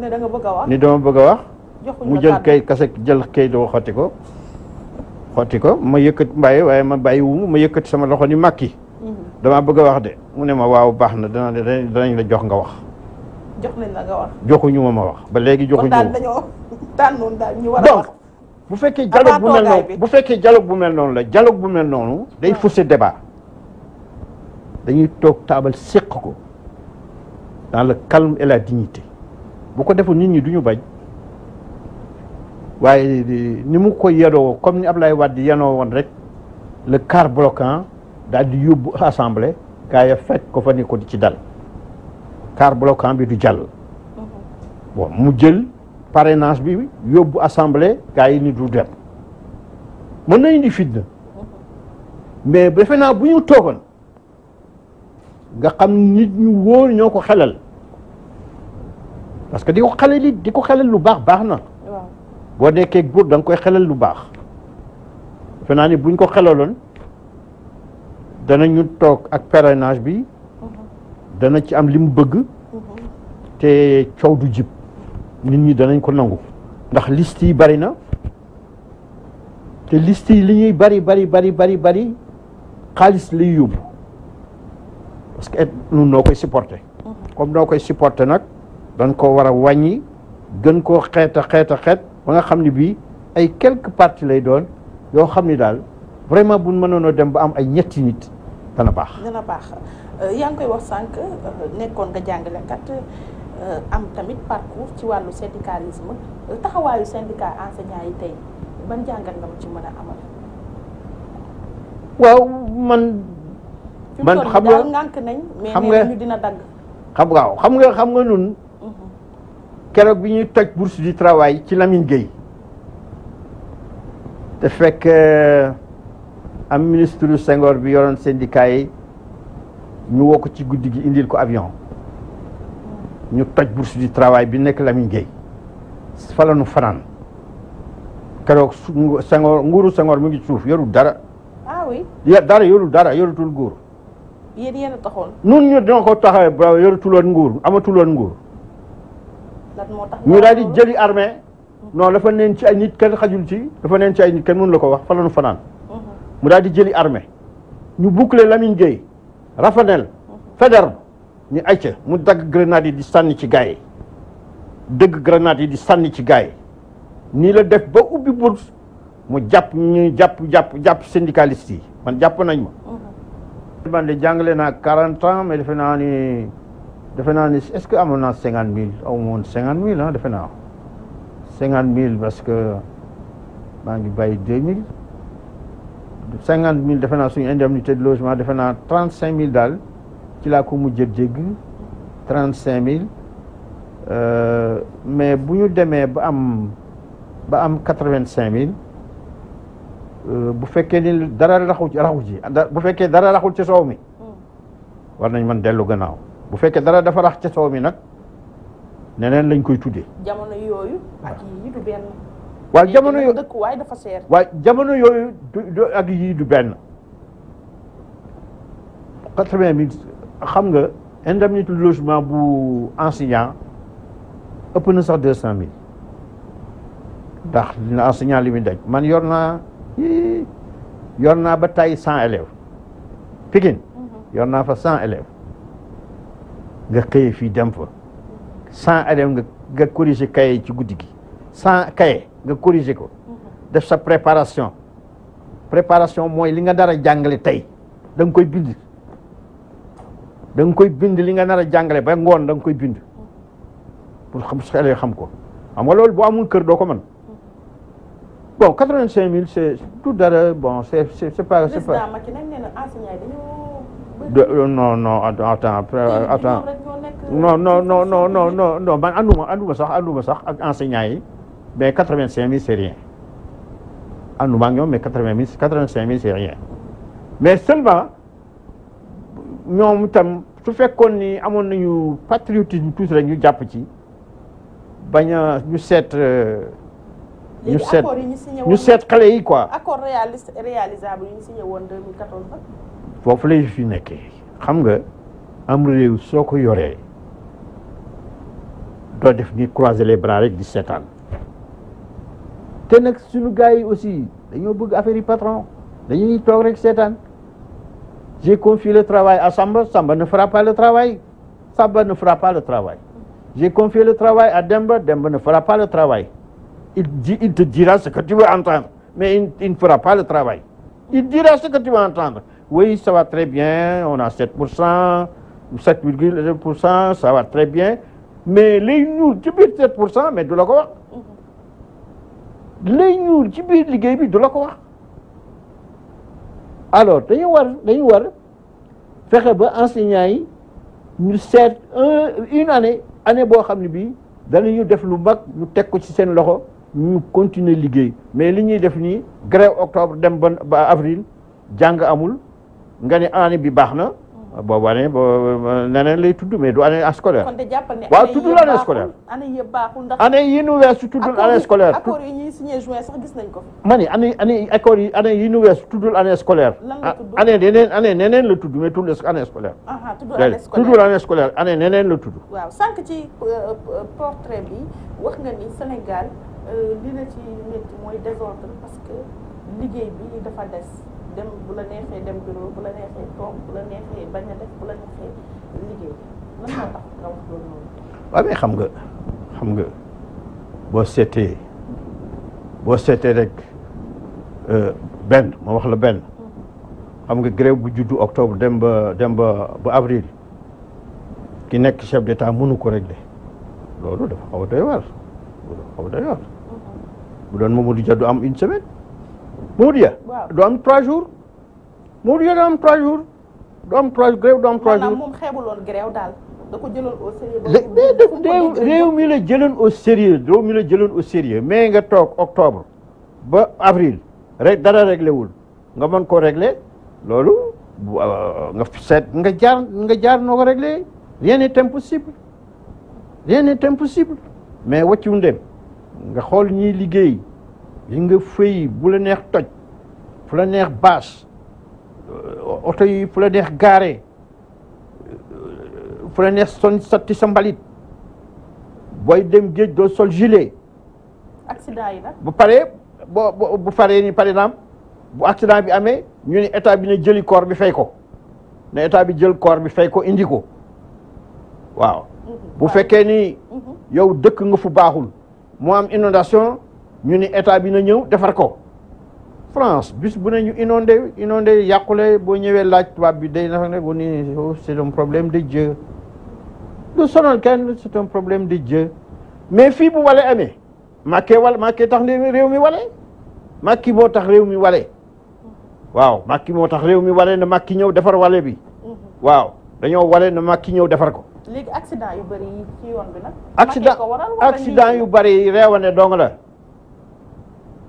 ne bëgg a wax ne dama bëgg a wax. mu jël kayit kase jël kayit waxati ko. xotti ko ma yëkkat mbay waaye ma bàyyi ma yëkkati sama loxo ni màkki mhm. damaa bëgg a wax de mu ne ma waaw baax na dana danañ la jox nga wax jox nañ joxuñu ma ma wax ba léegi joxuñu dañoo tànnoon daal ñu war bu fekkee dialogue bu mel noonu fekkee dialogue bu mel noonu la dialogue bu mel noonu day faussé débat dañuy toog taabal séq ko dans le calme et bu ko defoon nit ñi duñu bañ waaye ni mu ko yedoo comme ni Ablaye Wade yenoo woon rek le quart bloquant daal di yóbbu assemblée gaa ya fekk ko fa ni ko di ci dal quart bloquant bi du jàll mhm. bon mu jël parrainage bi yóbbu assemblée gaa yi ni du dem mën na indi na mhm. mais defe naa bu ñu toogoon nga xam nit ñu wóor ñoo ko xelal parce que di ko xelal di ko xelal lu baax baax na boo nekkee buur danga koy xelal lu baax defe naa ni buñ ko xelaloon danañu toog ak parrainage bi dana ci am li mu bëgg te coow du jib nit ñi danañ ko nangu ndax liste yi bari na te list yi li ñuy bari bari bari bari xaalis lay yóbbu parce que nun noo koy supporter comme noo koy supporter nag dañ ko war a wàññi gën koo xeet a xeet ba nga xam ne bii ay quelques parties lay doon yoo xam ni daal vraiment bu ñu mënoonoo dem ba am ay ñetti nit dana baax. dana baax euh, yaa ngi koy wax sànq euh, nekkoon nga jàngalekat euh, am tamit parcours ci wàllu syndicalisme taxawaayu syndicat enseignant yi tey ban jàngat nga ma ci mën a amal. waaw man. man xam nga fi mu toll nañ. mais nee dina dagg. xam nga xam nga xam nga keroog bi ñu toj bourse du travail ci Lamine Gueye te fekk euh, am ministre sengoor bi yoroon syndicat yi ñu woo ci guddi gi indil ko avion ñu toj bourse du travail bi nekk Lamine Gueye fa nu fanaan keroog Senghor nguuru sengoor mu ngi suuf yorul dara. ah oui dara yorul dara yorutul nguur. yéen yéen a taxoon. nun ñu dina ko taxawee ba yorutuloon nguur amatuloon nguur. ñu daal di jëli armée non dafa neen ci ay nit kenn xajul ci dafa neen ci ay nit kenn mënu la ko wax fa la fanaan mhm. mu daal di jëli armee ñu boucler Lamine Gueye Rafanel mhm. Faidherbe ñu ayca mu dagg grenade yi di sànni ci gars yi dëgg grenade yi di sànni ci gars nii la def ba ubbi bur mu jàpp ñu jàpp jàpp jàpp syndicaliste yi man jàpp nañ ma mhm. man de jàngale naa quarante ans mais defe naa ni defe naa ni est-ce que amoon naa cinquante mille aw moon cinquante mille ah defe naa cinquante mille parce que maa ngi bàyyi deux mille mille defe naa suñu indemnité de logement defe naa trente cinq mille daal ci laa ko mujjee dégg trente cinq mille euh, mais bu ñu demee ba am ba am quatre vingt cinq mille euh, bu fekkee ni dara raxu ci raxu ci bu fekkee dara raxul ci soow mi mm. war nañ mën dellu gannaaw bu fekkee dara dafa rax ca soow mi nag neneen lañ koy tuddee. jamono yooyu ak yii du benn. waaw jamono yooyu dëkkuwaay dafa seer. waaw jamono yooyu du ak yii du benn quatre-vingt mille xam nga indemnité logement bu enseignant ëpp na sax deux cent mille ndax dina enseignant li muy daj man yor naa yor naa ba tey cent élèves Pikine mhm. yor naa fa cent élèves. nga xëye fii dem fa sans adem nga nga corriger cahier ci guddi gi sans cahier nga corriger ko mhm. def sa préparation préparation mooy li nga nar a jàngale tey da koy bind da koy bindi li nga nar a jàngale ba ngoon da nga koy bind mhm. pour xam su xale xam ko xam nga loolu boo amul kër doo ko mën mhm. bon quatre vingt cinq mille c'est tout dara bon c'est c'est pas c'est pas de euh, non non attends euh, attends non non non non non sax ànduma sax ak enseignant yi mais quatre vingt cinq mille c'est rien ànduma ak ñoom mais quatre vingt cinq mille c'est mais seulement ñoom itam su fekkoon ni amoon nañu patriotisme tuuti rek ñu jàpp ci bañ a ñu seet. Euh, ñu seet xale yi quoi. foofu lay fi nekkee xam nga am réew soo ko yoree doo def ni croiser les bras rek di seetaan te nag suñu gars yi aussi dañoo bëgg affaire yi patron dañuy toog rek seetaan je confié le travail à Samba Samba ne fera pas le travail Samba ne fera pas le travail j'ai confié le travail à Demba Demba ne fera pas le travail il dit il te dira ce que tu veux entendre mais il, il ne fera pas le travail il dira ce que tu entendre oui, ça va très bien, on a 7%, 7,1%, ça va très bien. mais léegi ñuul ci biir 7 pour cent mais du la ko wax léegi ñuul ci biir liggéey bi du la ko wax alors dañu war dañu war fexe ba enseignants yi ñu seet un une année année boo xam ne bii danañu def lu mag ñu teg ko ci seen loxo ñu continuer liggéey mais li ñuy def nii grève octobre dem ba avril jàng amul nga ne année bi baax na. Mm. boobu année boo neneen lay tudd mais du année scolaire. kon de jàppal ne waaw tuddul année scolaire. année yëpp baaxul ndax. nañ ko. ma ni yi année yi weesu tuddul année scolaire. lan la ane ah, année neneen année neneen la tudd mais tuddul année scolaire. Ah, ah, tuddul année scolaire tuddul année scolaire neneen la tudd. waaw sànq ci euh, portrait bi wax nga ni Sénégal euh, li la ci mooy désordre parce que liggéey bi dafa des. bu la neexee dem bureau bu la neexee toog bu la neexee bañ a def bu la neexee liggéey lan moo tax nga wax loolu noonu. xam nga xam nga boo seetee boo seetee rek euh, benn ma wax la benn. xam nga grève bu juddu octobre dem ba dem ba ki nekk chef d'état mënu ko régler loolu dafa xaw mm-hmm. am une semaine. Mawdiya. waaw du am 3 jours. Mawdiya du am 3 jours. du am 3 grève du am 3 jours maanaam moom daal. da ko jëloon au sérieux. réew mi la jëloon au sérieux réew mi la jëloon au sérieux mais nga toog octobre ba avril rek dara réglé wul nga mën koo réglé loolu euh, nga seet nga jaar nga jaar noo ko réglé rien n'est impossible rien n'est impossible mais wàccu ndem nga xool ñiy liggéey. li nga fëy bu la neex toj fu la neex baas euh, oto yi fu la neex gaare euh, fu la neex son satti sa mbalit booy dem géej doo sol gilet accident yi nag bu pare boo bu paree ni par exemple bu accident bi amee ñu ne état bi ne jëli corps bi fay ko ne état bi jël koor bi fay ko indi ko waaw mhm. bu fekkee ni mhm. yow dëkk nga fu baaxul mu am inondation ñu ni état bi na ñëw defar ko France bis bu ne ñu inondé inondé yàqule boo ñëwee laaj tubaab bi day na ne bu ni oh, c' est un problème de Dieu lu sonal kenn c' un problème de jë mais fii bu wale amee Macky wal Macky tax réew mi wale Macky moo tax réew mi wale waaw Macky moo tax réew mi wale na Macky ñëw defar wale bi mhm. waaw dañoo wale na Macky ñëw defar ko léegi accident yu bëri yi ci yu bëri yi réewane dong la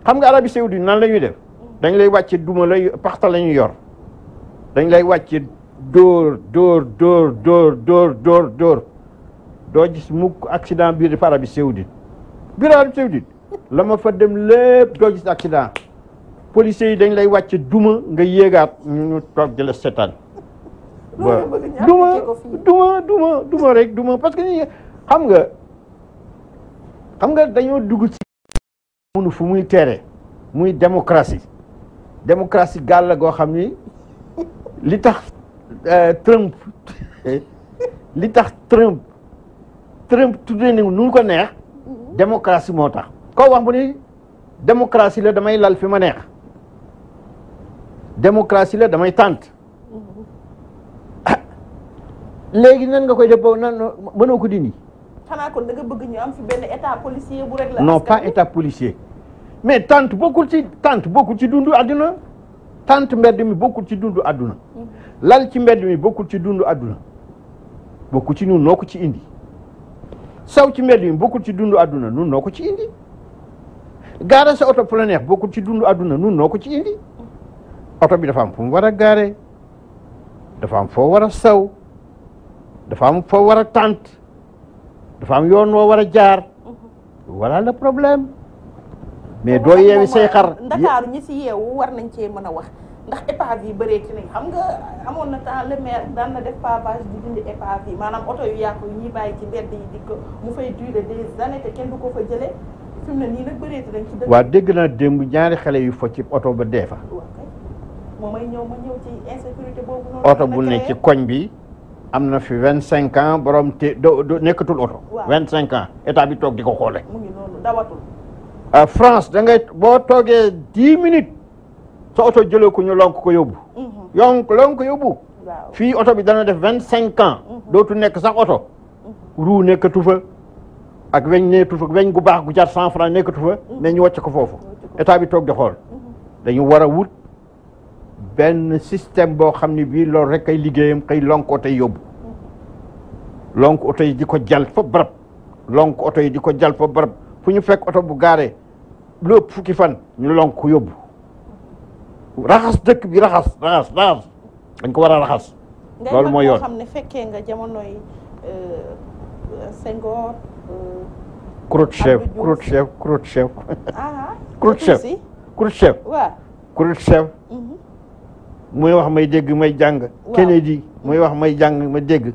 xam nga Arabie Saoudite nan la ñuy def dañ lay wàcce duma lay paxta la ñu yor dañ lay wàcce dóor dóor dóor dóor dóor dóor dóor doo mukk accident biir dafa Arabie Saoudite biir Arabie Saoudite la fa dem lépp doo gis accident policiers yi dañ lay wàcce duma nga yéegaat ñu toog di la seetaan duma duma duma duma duma parce que xam nga xam nga dañoo dugg ci munu fu muy tere muy démocratie démocratie gàll la goo xam ni li tax euh, Trump li tax Trump Trump tuddee ni nu ko neex démocratie moo tax koo wax mu ni démocratie la damay lal fi ma neex démocratie la damay tànt mm-hmm. léegi nan nga koy def ba nan ko dindi xanaa kon da bëgg ñu am fi benn état policier bu rek la. non pas mais tante bokkul ci tante bokkul ci dundu àdduna tant mbedd mi bokkul ci dundu àdduna hmm. lal ci mbedd mi bokkul ci dundu àdduna bokkul ci ñun noo ci indi saw ci mbedd mi bokkul ci dundu àdduna ñun noo ko ci indi gaare sa oto plein bokkul ci dundu àdduna ñun noo ko ci indi oto bi dafa am fu mu war a gaare dafa am foo war a saw dafa am foo war a tante dafa am yoon woo war a jaar voilà le problème mais doo yeewi say xar ndakaaru ñi si yeewu war nañ cee mën a wax ndax épave yi bëreeti nañ xam nga amoon na temps le daan na def pavage di dindi épave yi mu fay durer des années te kenn du ko fa jëlee fi mu nii nag bëreeti nañ ci dëkk waaw dégg naa démb ñaari xale yu fo ci oto ba dee fa moom oto bu ne ci koñ bi am na fi vingt cinq ans borom té do nekkatul oto. vingt cinq ans état bi toog di ko xoole mu euh, France da ngay boo toogee dix minutes sa oto jëlee ñu lonk ko yóbbu. yonk mhm. lonk ko yóbbu. fii oto bi dana def vingt cinq ans. Mhm. dootu nekk sax oto. Mhm. ruu nekkatu fa ak weñ nekkatu fa weñ gu baax gu jar cent franc nekkatu fa. mais ñu wàcc ko foofu état bi toog di xool dañu war a wut. benn système boo xam ne bii loolu rek ay liggéeyam xëy lonk oto yi yóbbu lonk oto yi di ko jal fa barab lonk oto yi di ko jal fa barab fu ñu fekk oto bu gaare lu fukki fan ñu lonk ko yóbbu raxas dëkk bi raxas raxas raxas dañ ko war a raxas loolu mooy yoon xam ne fekkee nga jamonoy euh, Senghor euh, ah, ah. Khrouchtchev Khrouchtchev Khrouchtchev Khrouchtchev Khrouchtchev waaw Khrouchtchev muy wax may dégg may jàng Kennedy muy wax may jàng ma dégg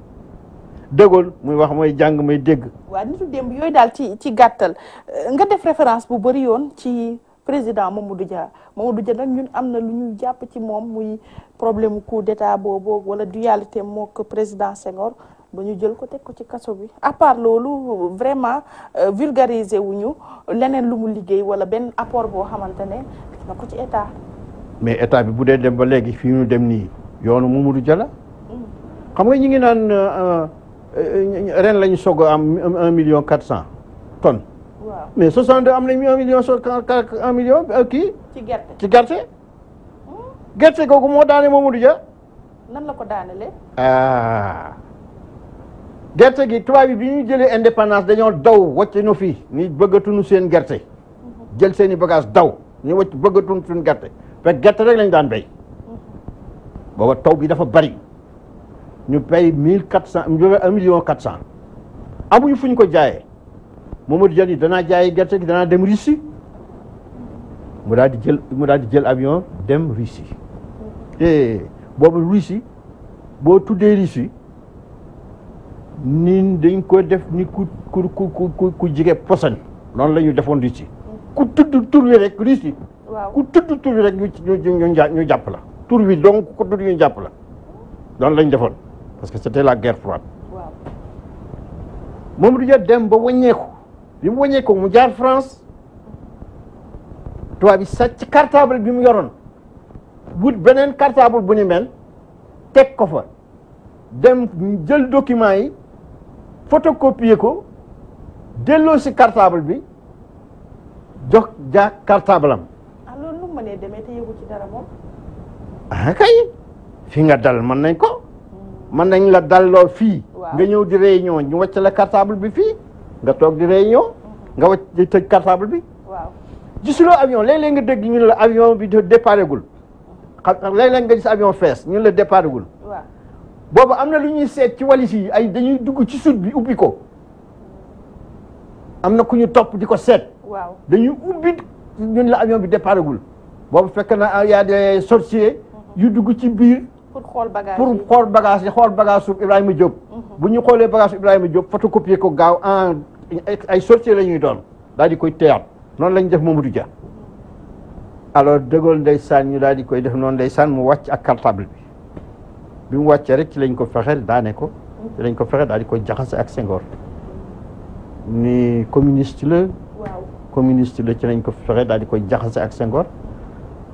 De muy wax may jàng may dégg waaw nitu démb yooyu daal ci ci gàttal euh, nga def référence bu bëri yoon ci président Mamadou Dia Mamadou Dia nag ñun am na lu ñuy jàpp ci moom muy problème coup d'état boobu wala dualité moo ko président Senghor ba ñu jël ko teg ko ci kaso bi à part loolu vraiment euh, vulgariser ñu leneen lu mu liggéey wala benn apport boo xamante ne na ko ci état mais état bi bu dee dem ba léegi fii ñu dem nii yoonu Mamadou jala xam nga ñu ngi naan euh, ren lañu soog a am un million quatre cent tonnes. mais mais 62 am na un million so un million euh, kii. ci gerte ci gerte. Hmm? gerte googu moo daane Mamadou Dia. nan la ko daanelee. ah. gerte gi tubaab yi bi ñu jëlee indépendance dañoo daw wàcce ñu fii ni bëggatuñu seen gerte. Hmm. jël seen i bagage daw ñu wàcc bëggatuñu suñu gerte. fekk gerte rek lañ daan béy booba taw bi dafa bari ñu béy mille quatre cent million quatre cent amuñu fu ñu ko jaayee Mamadou Diagne danaa jaayee gerte gi danaa dem Russie mu daal jël daal di jël avion dem Russie eh boobu Russie boo tuddee Russie ni dañ ko def ni ku ku ku ku jige posan noonu la defoon Russie ku tudd tur wi rek Russie ku tudd tur bi rek ñu ñu jàpp la tur bi donc ku tudd ñu jàpp la noonu lañ defoon parce que c'était la guerre froide moom du jot dem ba wàññeeku bi mu wàññeeku mu jaar France tubaab bi sàcc cartable bi mu yoroon wut beneen cartable bu ni mel teg ko fa dem jël document yi photocopier ko delloo si cartable bi jox jaa cartable am ma nee demee te yëgu ci dara moom. ah kay fi nga dal mën nañ ko. Hmm. mën nañ la dalloo fii. nga ñëw di réunion ñu wàcc la cartable bi fii nga toog di réunion. Hmm. nga wàcc di tëj bi. waaw gisuloo avion léeg-léeg nga dégg ñu la avion bi déparé gul. xam léeg-léeg nga gis fees ñu la déparé gul. boobu am na lu ñuy seet ci walis yi ay dañuy dugg ci sud bi ubbi ko. am na ku ñu topp di ko seet. waaw dañuy ubbi ñun la avion bi déparé gul. boobu fekk na ah, y a yu dugg ci biir pour xool bagage pour xool bagage yi xool bagage suuf Ibrahima Diop mhm. bu ñu xoolee bagage Ibrahima Diop photocopier ko gaaw en ay sorciers la ñuy doon daal di koy teyaat noonu la ñu def Mamadou Dia alors De Gaulle ndeysaan ñu daal di koy def noonu saan mu wàcc ak cartable bi bi mu wàccee rek ci lañ ko fexe daane ko ci lañ ko fexe daal di koy jaxase ak Senghor ni communiste la communiste la ci lañ ko fexe daal di koy jaxase ak sengoor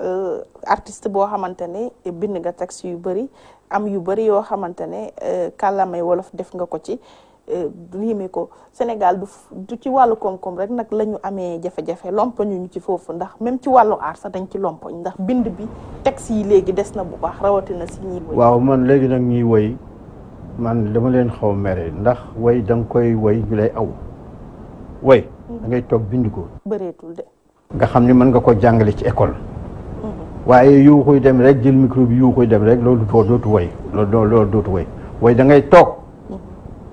Euh, artist boo xamante ne bind nga texte yu bëri am yu bëri yoo xamante ne euh, kàllaamay wolof def nga ko ci euh, riime ko Sénégal du ci wàllu koom-koom rek nag la ñu amee jafe-jafe lompañu ñu ci foofu ndax même ci wàllu aar ci lompañ ndax bind bi texte yi léegi des na bu baax rawatina si ñi waaw man léegi nag ñuy woy man dama leen xaw mere ndax woy da nga koy woy ñu lay aw woy da toog bind ko bëreetul de nga xam ni mën nga ko jàngale ci école waaye yuuxuy dem rek jël micro bi yuuxuy dem rek loolu doo dootu woy loolu loolu dootu woy woy da ngay toog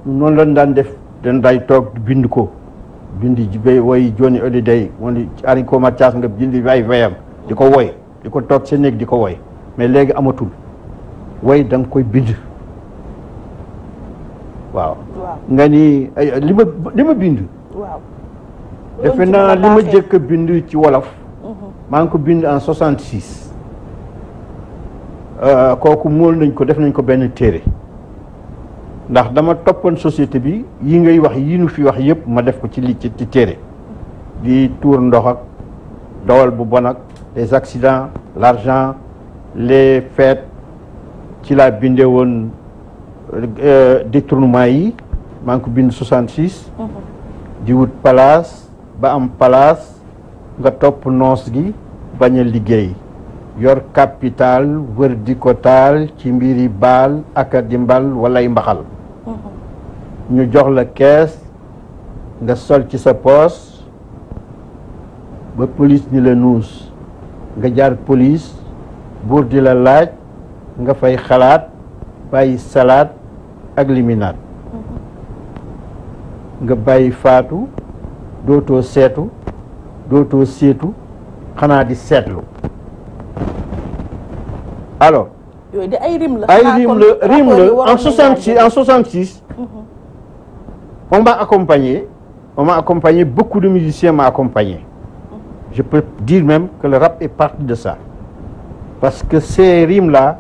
noonu lañ daan def dañ day toog bind ko bind ji bay woy Johnny Hallyday wala Henri Mathias nga bind ay wayam di ko woy di ko toog sa néeg di ko woy mais léegi amatul woy da koy bind waaw nga ni li ma bind defe naa li ma jëkk a bind ci wolof maa ngi ko bind en 66 euh, kooku mool nañ ko def nañ ko benn téere ndax dama toppoon société bi yi ngay wax yi nu fi wax yëpp ma def ko ci li ci téere di tour ndox ak dawal bu bon ak les accidents l'argent les fêtes ci laa bindee woon euh, détournement yi maa ko bind 66. Mhm. di wut palaas ba am palaas. nga topp noos gi bañ a liggéey yor capital wër di ko taal ci mbiri baal ak a dimbal walay mbaxal mm-hmm. ñu jox la kees nga sol ci sa poos ba police ni la nuus nga jaar police buur di la laaj nga fay xalaat bàyyi salaat ak liminaat mm-hmm. nga bàyyi faatu dootoo seetu dootoo seetu xanaa di seetlu alors. yooyu ay rim la. en 66 en 66. Mm -hmm. on m'a accompagné mhm. je peux dire même que le de ça. parce que ces rimes là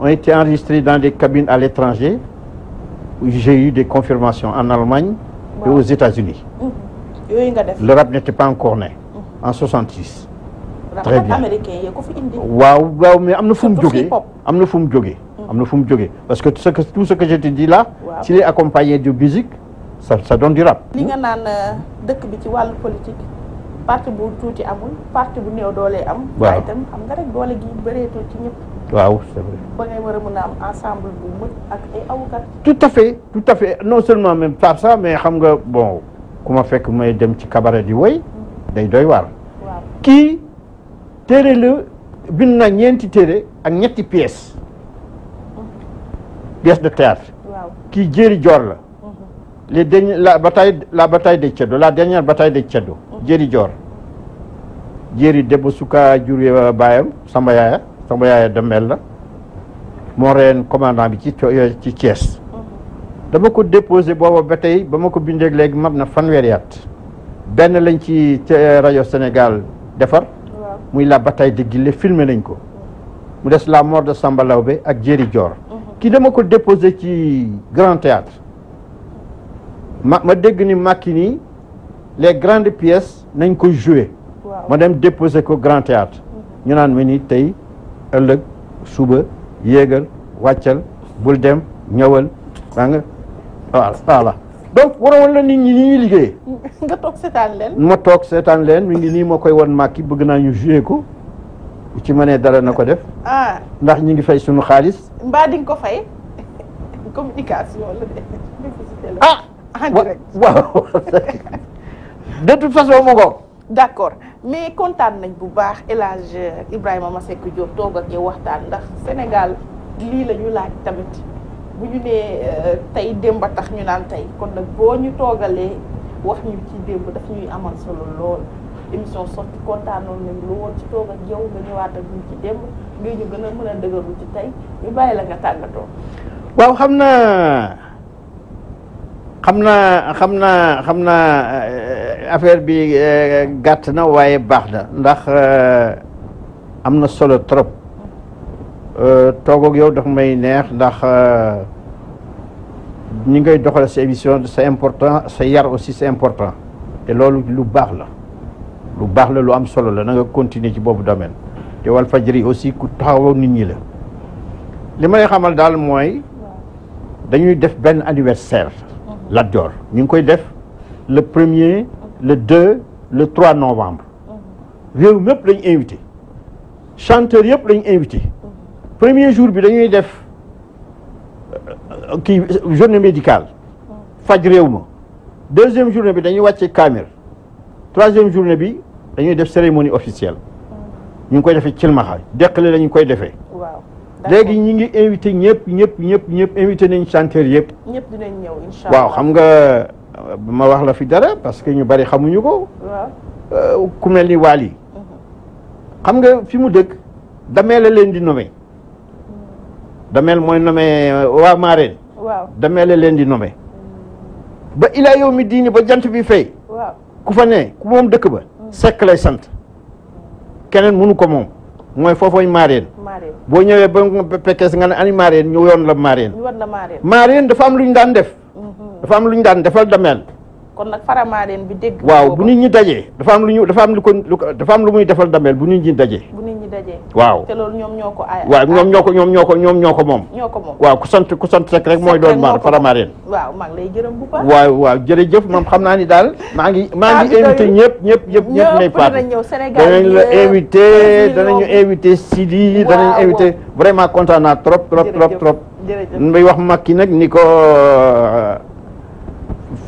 ont été enregistrées dans des cabines à l'étranger où des confirmations en Allemagne wow. yooyu nga def le rap n'était pas encore né mm-hmm. en 66. très bien waaw waaw mais am na fu mu jógee am na fu mu jógee. Mm-hmm. am na fu mu jógee parce que tout ce que tout ce que je te dis là. waaw s'il est accompagné de musique ça ça donne du li nga naan euh, dëkk bi ci wàll politique parti bu tuuti amul parti bu néew doole am. waaw waaye itam xam nga rek doole gi bëreetul ci ñëpp. waaw c'est vrai. ba ngay war a am ensemble bu mën ak awukat. tout à fait tout à fait non seulement par ça mais xam nga bon. ku ma fekk may dem ci cabaret di woy day doy waar kii téere la bind na ñeenti téere ak ñetti pièce pièce de théâtre kii jéeri joor la mhm. les derniers la bataille la de Ceddo la dernière bataille de Ceddo mhm. jéeri joor jéeri debbo suka jur baayam samba yaaya samba yaaya demel la moo reen commandant bi ci ci Thiès dama ko déposé booba ba tey ba ma ko bindee léegi mab na fanweeri at benn lañ ci euh, rajo Sénégal defar muy la bataille de Guilé filmé nañ ko mu des la mort de Samba Lawbe ak Jéeri Joor mhm. kii dama ko déposé ci grand théâtre ma dégg ni Macky nii les grandes pièces nañ ko joué ma dem déposé ko grand théâtre mhm. ñu naan ma ni tey ëllëg suba yéegal wàccal bul dem ñëwal daa waaw voilà donc waroon la nit ñi ni ñuy liggéey. nga toog seetaan leen. ma toog seetaan leen mi ngi nii moo koy wan màkki bëgg naa ñu joué ko. ci mënee dara na ko def. ah ndax ñu ngi fay suñu xaalis. mbaa di nga ko fay communication la de. ah. waaw de toute façon mu ngoog. d' accord mais kontaan nañ bu baax El Hadj Ibrahima Masseck Diop toog ak yow waxtaan ndax Sénégal lii la ñu laaj tamit. bu ñu nee euh, tey démb a tax ñu naan tey kon nag boo ñu toogalee wax ñu ci démb daf ñuy amal solo lool émission sotti kontaanoon nañu lu ci toog ak yow nga ñëwaat ci démb ñu gën a mën a dëgëru ci tey ñu bàyyi la nga tàggatoo. waaw xam naa xam naa xam naa xam naa euh, affaire bi euh, gàtt na waaye baax na ndax am na solo trop. Euh, toog ak yow dafa may neex ndax euh, ñi ngay doxale sa émission c'est important sa yar aussi c'est important te loolu lu baax la lu baax la lu am solo la na nga continuer ci boobu domaine te Walfadjri aussi ku taxaw nit ñi la li may xamal daal mooy dañuy def benn anniversaire mhm. Lat Dior ñu ngi koy def le premier le deux le trois novembre mhm. réew mépp lañ invité chanteur yëpp lañ invité premier jour bi dañuy def euh, kii journée médicale faj réew ma deuxième journée bi dañuy wàcce kaamir troisième journée bi dañuy def cérémonie officielle ñu ngi koy defee cilmaxa deqale lañu koy defee léegi ñu ngi invité ñëpp ñëpp ñëpp ñëpp invité nañ chanteur yëpp ñëpp dinañ ñëw incha waaw xam nga euh, ma wax la fi dara parce que ñu bari xamuñu ko euh, ku mel ni Wally mhm. xam nga fi mu dëkk damee la leen di nommé dameel mooy nommé euh, waa Mareen. waaw dameele leen di nommé. ba ilaa mi diini ba jant bi fay. waaw ku fa ne ku moom dëkk ba. Mm. sekk lay sant. keneen mënu ko moom mooy foofooy Mareen. boo ñëwee ba Pekes nga ne ani Mareen ñu la Mareen. ñu woon la dafa am lu ñu daan def. Mm-hmm. dafa am lu ñu daan defal dameel. kon nag fara Mareen waaw bu nit ñi dajee dafa am lu ñu dafa am lu ko dafa am lu muy defal dameel bu nit ñi dajee. dajee. waaw te loolu ñoom ñoo ko aay. waaw ñoom ñoo ko ñoom ñoo ko ñoom ñoo ko moom. ñoo ko moom waaw ku sant ku sant Seck rek mooy doon maar Faramareen. waaw maa ngi lay gërëm bu baax. waaw waaw jërëjëf moom xam naa ni daal. maa ngi ah, maa ngi invité ñëpp ñëpp ñëpp ñëpp. ñëpp danañ ñëw Sénégal danañ la invité danañu invité Sidi danañu invité vraiment kontaan naa trop trop trop trop. jërëjëf mbay wax makki nag ni ko euh,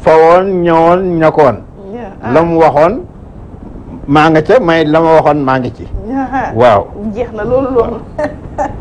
fawoon ñëwoon ñakkoon. Ah. la mu waxoon maa nga ca may la ma waxoon maa ngi ci. waaw jeex na loolu loolu.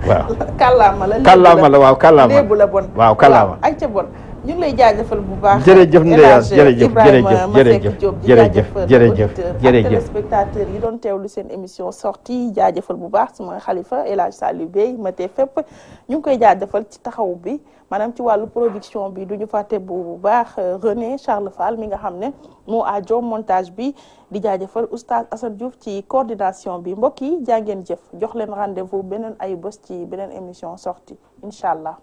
waaw kàllaama la. kàllaama la waaw kàllaama léebu la bon. waaw kàllaama ay ca bon. ñu lay jaajëfal bu baax. jërëjëf Ndeya jërëjëf Ibrahima Masseck Diop di jëf auditeurs ak téléspectateurs yi doon teewlu seen émission sortie jaajëfal bu baax suma xalifa El Hadj Saliou ma tee fépp ñu ngi koy jaajëfal ci taxawu bi maanaam ci wàllu production bi du ñu fàtte bu baax euh, René Charles Fall mi nga xam ne moo aajo montage bi di jaajëfal oustaz Assane Diouf ci coordination bi mbokk yi jàngeen jëf jox leen rendez beneen ay bës ci beneen émission sorti incha allah.